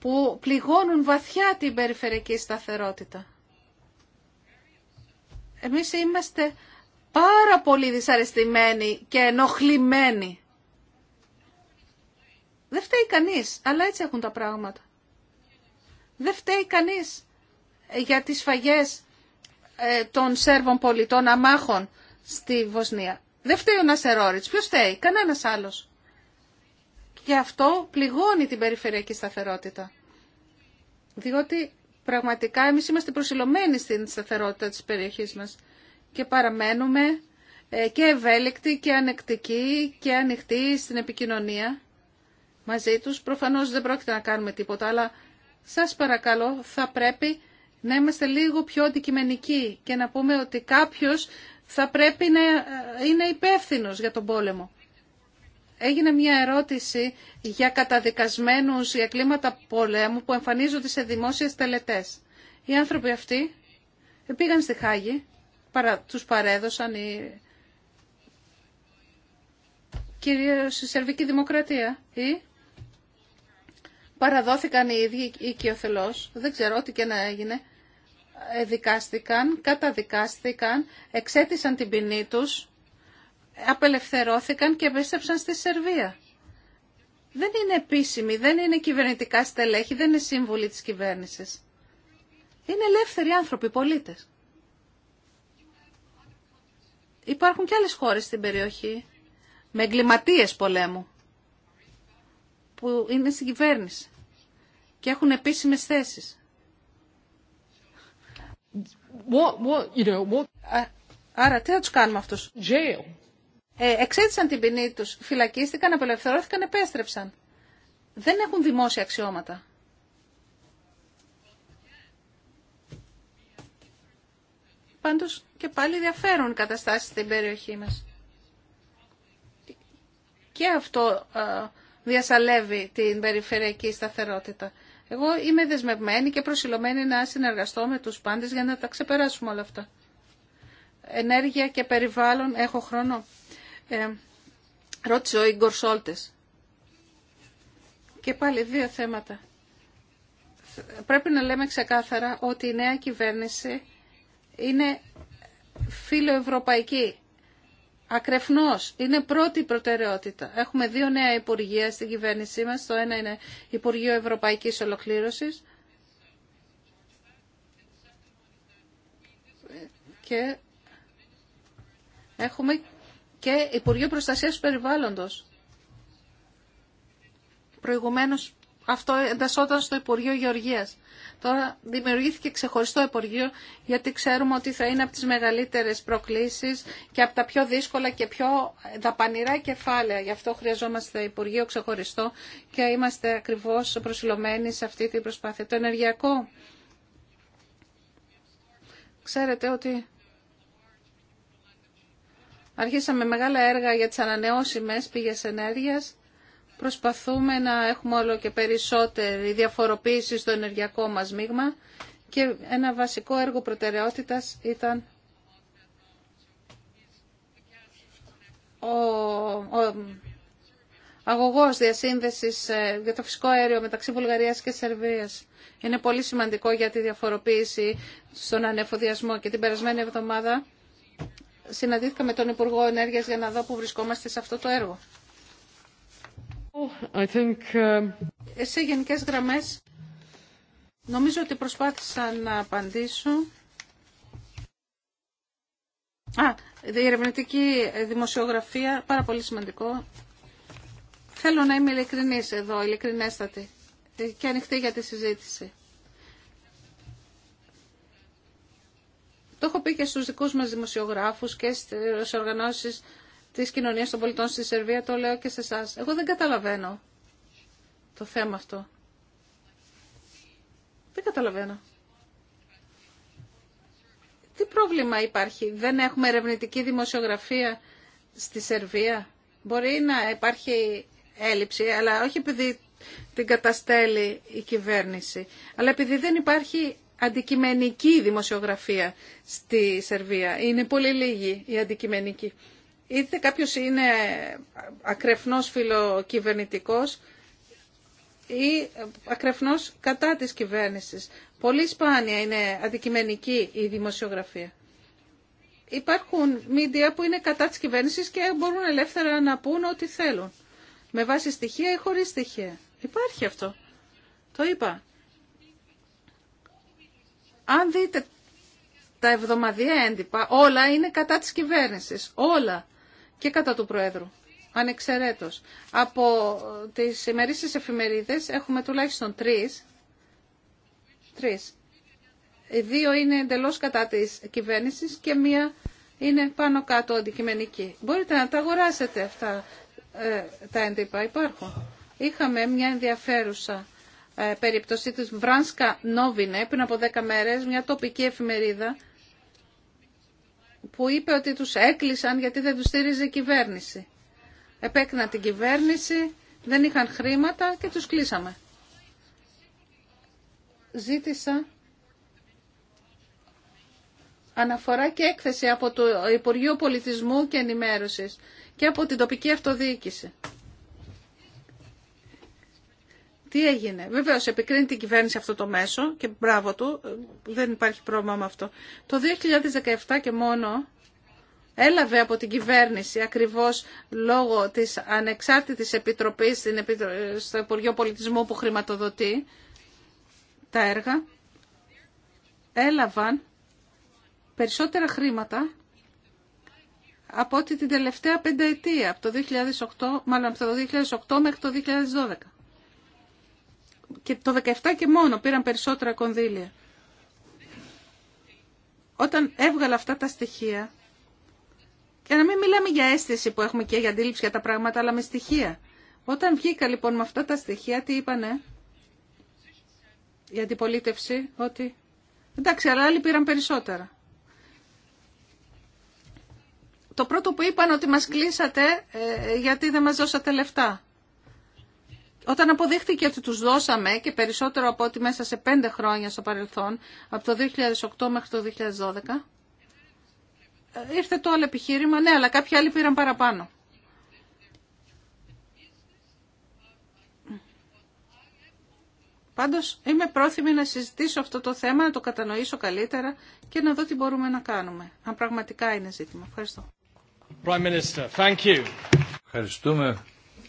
που πληγώνουν βαθιά την περιφερειακή σταθερότητα. Εμείς είμαστε πάρα πολύ δυσαρεστημένοι και ενοχλημένοι. Δεν φταίει κανείς, αλλά έτσι έχουν τα πράγματα. Δεν φταίει κανείς για τις φαγές ε, των Σέρβων πολιτών αμάχων στη Βοσνία. Δεν φταίει ο Νασερόριτς. Ποιος φταίει, κανένας άλλος και αυτό πληγώνει την περιφερειακή σταθερότητα. Διότι πραγματικά εμείς είμαστε προσιλωμένοι στην σταθερότητα της περιοχής μας και παραμένουμε ε, και ευέλικτοι και ανεκτικοί και ανοιχτοί στην επικοινωνία μαζί τους. Προφανώς δεν πρόκειται να κάνουμε τίποτα, αλλά σας παρακαλώ θα πρέπει να είμαστε λίγο πιο αντικειμενικοί και να πούμε ότι κάποιος θα πρέπει να ε, είναι υπεύθυνο για τον πόλεμο. Έγινε μια ερώτηση για καταδικασμένους για κλίματα πολέμου που εμφανίζονται σε δημόσιες τελετές. Οι άνθρωποι αυτοί πήγαν στη Χάγη, παρα, τους παρέδωσαν οι... κυρίως η Σερβική Δημοκρατία ή παραδόθηκαν οι ίδιοι οικειοθελώς, δεν ξέρω τι και να έγινε, δικάστηκαν, καταδικάστηκαν, εξέτησαν την ποινή τους απελευθερώθηκαν και επέστρεψαν στη Σερβία. Δεν είναι επίσημοι, δεν είναι κυβερνητικά στελέχη, δεν είναι σύμβουλοι της κυβέρνησης. Είναι ελεύθεροι άνθρωποι, πολίτες. Υπάρχουν και άλλες χώρες στην περιοχή με εγκληματίε πολέμου που είναι στην κυβέρνηση και έχουν επίσημες θέσεις. What, what, you know, what... Άρα τι θα τους κάνουμε αυτούς. Ε, εξέτησαν την ποινή του. φυλακίστηκαν, απελευθερώθηκαν, επέστρεψαν. Δεν έχουν δημόσια αξιώματα. Πάντως και πάλι διαφέρουν οι καταστάσεις στην περιοχή μας. Και αυτό ε, διασαλεύει την περιφερειακή σταθερότητα. Εγώ είμαι δεσμευμένη και προσιλωμένη να συνεργαστώ με τους πάντες για να τα ξεπεράσουμε όλα αυτά. Ενέργεια και περιβάλλον έχω χρόνο. Ε, ρώτησε ο Ιγκορ Σόλτες. Και πάλι δύο θέματα. Πρέπει να λέμε ξεκάθαρα ότι η νέα κυβέρνηση είναι φιλοευρωπαϊκή. Ακρεφνώς. Είναι πρώτη προτεραιότητα. Έχουμε δύο νέα υπουργεία στην κυβέρνησή μας. Το ένα είναι Υπουργείο Ευρωπαϊκής Ολοκλήρωσης. Και έχουμε και Υπουργείο Προστασίας Περιβάλλοντος. Προηγουμένως αυτό εντασσόταν στο Υπουργείο Γεωργίας. Τώρα δημιουργήθηκε ξεχωριστό Υπουργείο γιατί ξέρουμε ότι θα είναι από τις μεγαλύτερες προκλήσεις και από τα πιο δύσκολα και πιο δαπανηρά κεφάλαια. Γι' αυτό χρειαζόμαστε Υπουργείο ξεχωριστό και είμαστε ακριβώς προσιλωμένοι σε αυτή την προσπάθεια. Το ενεργειακό. Ξέρετε ότι Αρχίσαμε μεγάλα έργα για τις ανανεώσιμες πηγές ενέργειας. Προσπαθούμε να έχουμε όλο και περισσότερη διαφοροποίηση στο ενεργειακό μας μείγμα και ένα βασικό έργο προτεραιότητας ήταν ο, ο αγωγός διασύνδεσης ε, για το φυσικό αέριο μεταξύ Βουλγαρίας και Σερβίας. Είναι πολύ σημαντικό για τη διαφοροποίηση στον ανεφοδιασμό και την περασμένη εβδομάδα συναντήθηκα με τον Υπουργό Ενέργειας για να δω που βρισκόμαστε σε αυτό το έργο. I think... Ε, ε, σε γενικές γραμμές, νομίζω ότι προσπάθησα να απαντήσω. Α, ερευνητική δημοσιογραφία, πάρα πολύ σημαντικό. Θέλω να είμαι ειλικρινής εδώ, ειλικρινέστατη και ανοιχτή για τη συζήτηση. Το έχω πει και στους δικούς μας δημοσιογράφους και στις οργανώσεις της κοινωνίας των πολιτών στη Σερβία, το λέω και σε εσά. Εγώ δεν καταλαβαίνω το θέμα αυτό. Δεν καταλαβαίνω. Τι πρόβλημα υπάρχει, δεν έχουμε ερευνητική δημοσιογραφία στη Σερβία. Μπορεί να υπάρχει έλλειψη, αλλά όχι επειδή την καταστέλει η κυβέρνηση, αλλά επειδή δεν υπάρχει αντικειμενική δημοσιογραφία στη Σερβία. Είναι πολύ λίγη η αντικειμενική. Είτε κάποιος είναι ακρεφνός φιλοκυβερνητικός ή ακρεφνός κατά της κυβέρνησης. Πολύ σπάνια είναι αντικειμενική η δημοσιογραφία. Υπάρχουν μίντια που είναι κατά της κυβέρνησης και μπορούν ελεύθερα να πούν ό,τι θέλουν. Με βάση στοιχεία ή χωρίς στοιχεία. Υπάρχει αυτό. Το είπα. Αν δείτε τα εβδομαδιαία έντυπα, όλα είναι κατά της κυβέρνησης. Όλα. Και κατά του Προέδρου. Ανεξαιρέτως. Από τις ημερήσεις εφημερίδες έχουμε τουλάχιστον τρεις. Τρεις. Δύο είναι εντελώς κατά της κυβέρνησης και μία είναι πάνω κάτω αντικειμενική. Μπορείτε να τα αγοράσετε αυτά ε, τα έντυπα. Υπάρχουν. Είχαμε μια ενδιαφέρουσα ε, περίπτωση της Βράνσκα Νόβινε πριν από 10 μέρες, μια τοπική εφημερίδα που είπε ότι τους έκλεισαν γιατί δεν τους στήριζε η κυβέρνηση. Επέκνα την κυβέρνηση, δεν είχαν χρήματα και τους κλείσαμε. Ζήτησα αναφορά και έκθεση από το Υπουργείο Πολιτισμού και Ενημέρωσης και από την τοπική αυτοδιοίκηση. Τι έγινε. Βεβαίω επικρίνει την κυβέρνηση αυτό το μέσο και μπράβο του, δεν υπάρχει πρόβλημα με αυτό. Το 2017 και μόνο έλαβε από την κυβέρνηση ακριβώς λόγω της ανεξάρτητης επιτροπής στο Υπουργείο Πολιτισμού που χρηματοδοτεί τα έργα, έλαβαν περισσότερα χρήματα από ότι την τελευταία πενταετία, από το 2008, μάλλον από το 2008 μέχρι το 2012 και το 17 και μόνο πήραν περισσότερα κονδύλια. Όταν έβγαλα αυτά τα στοιχεία, και να μην μιλάμε για αίσθηση που έχουμε και για αντίληψη για τα πράγματα, αλλά με στοιχεία. Όταν βγήκα λοιπόν με αυτά τα στοιχεία, τι είπανε η αντιπολίτευση, ότι εντάξει, αλλά άλλοι πήραν περισσότερα. Το πρώτο που είπαν ότι μας κλείσατε ε, γιατί δεν μας δώσατε λεφτά. Όταν αποδείχθηκε ότι τους δώσαμε και περισσότερο από ότι μέσα σε πέντε χρόνια στο παρελθόν, από το 2008 μέχρι το 2012, ήρθε το άλλο επιχείρημα, ναι, αλλά κάποιοι άλλοι πήραν παραπάνω. Πάντως είμαι πρόθυμη να συζητήσω αυτό το θέμα, να το κατανοήσω καλύτερα και να δω τι μπορούμε να κάνουμε, αν πραγματικά είναι ζήτημα. Ευχαριστώ. Minister, thank you. Ευχαριστούμε,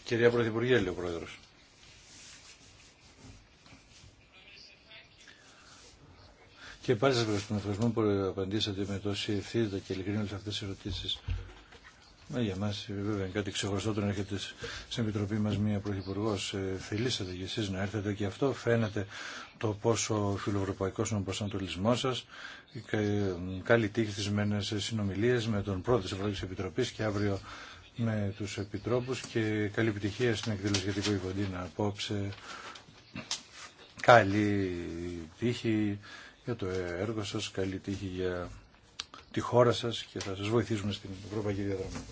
κυρία Πρωθυπουργέ, ο Πρόεδρος. Και πάλι σας ευχαριστούμε. που απαντήσατε με τόση ευθύντα και ειλικρίνη σε αυτές τις ερωτήσεις. Ε, για μας βέβαια είναι κάτι ξεχωριστό τον έρχεται στην Επιτροπή μας μία πρωθυπουργός. Ε, θελήσατε κι εσείς να έρθετε και αυτό φαίνεται το πόσο φιλοευρωπαϊκός είναι ο προσανατολισμός σας. Ε, καλή τύχη στις μένες συνομιλίες με τον πρώτο της Ευρωπαϊκής Επιτροπής και αύριο με τους επιτρόπους και καλή επιτυχία στην εκδήλωση για την Κοϊκοντίνα απόψε. Καλή τύχη για το έργο σας. Καλή τύχη για τη χώρα σας και θα σας βοηθήσουμε στην Ευρωπαϊκή Διαδρομή.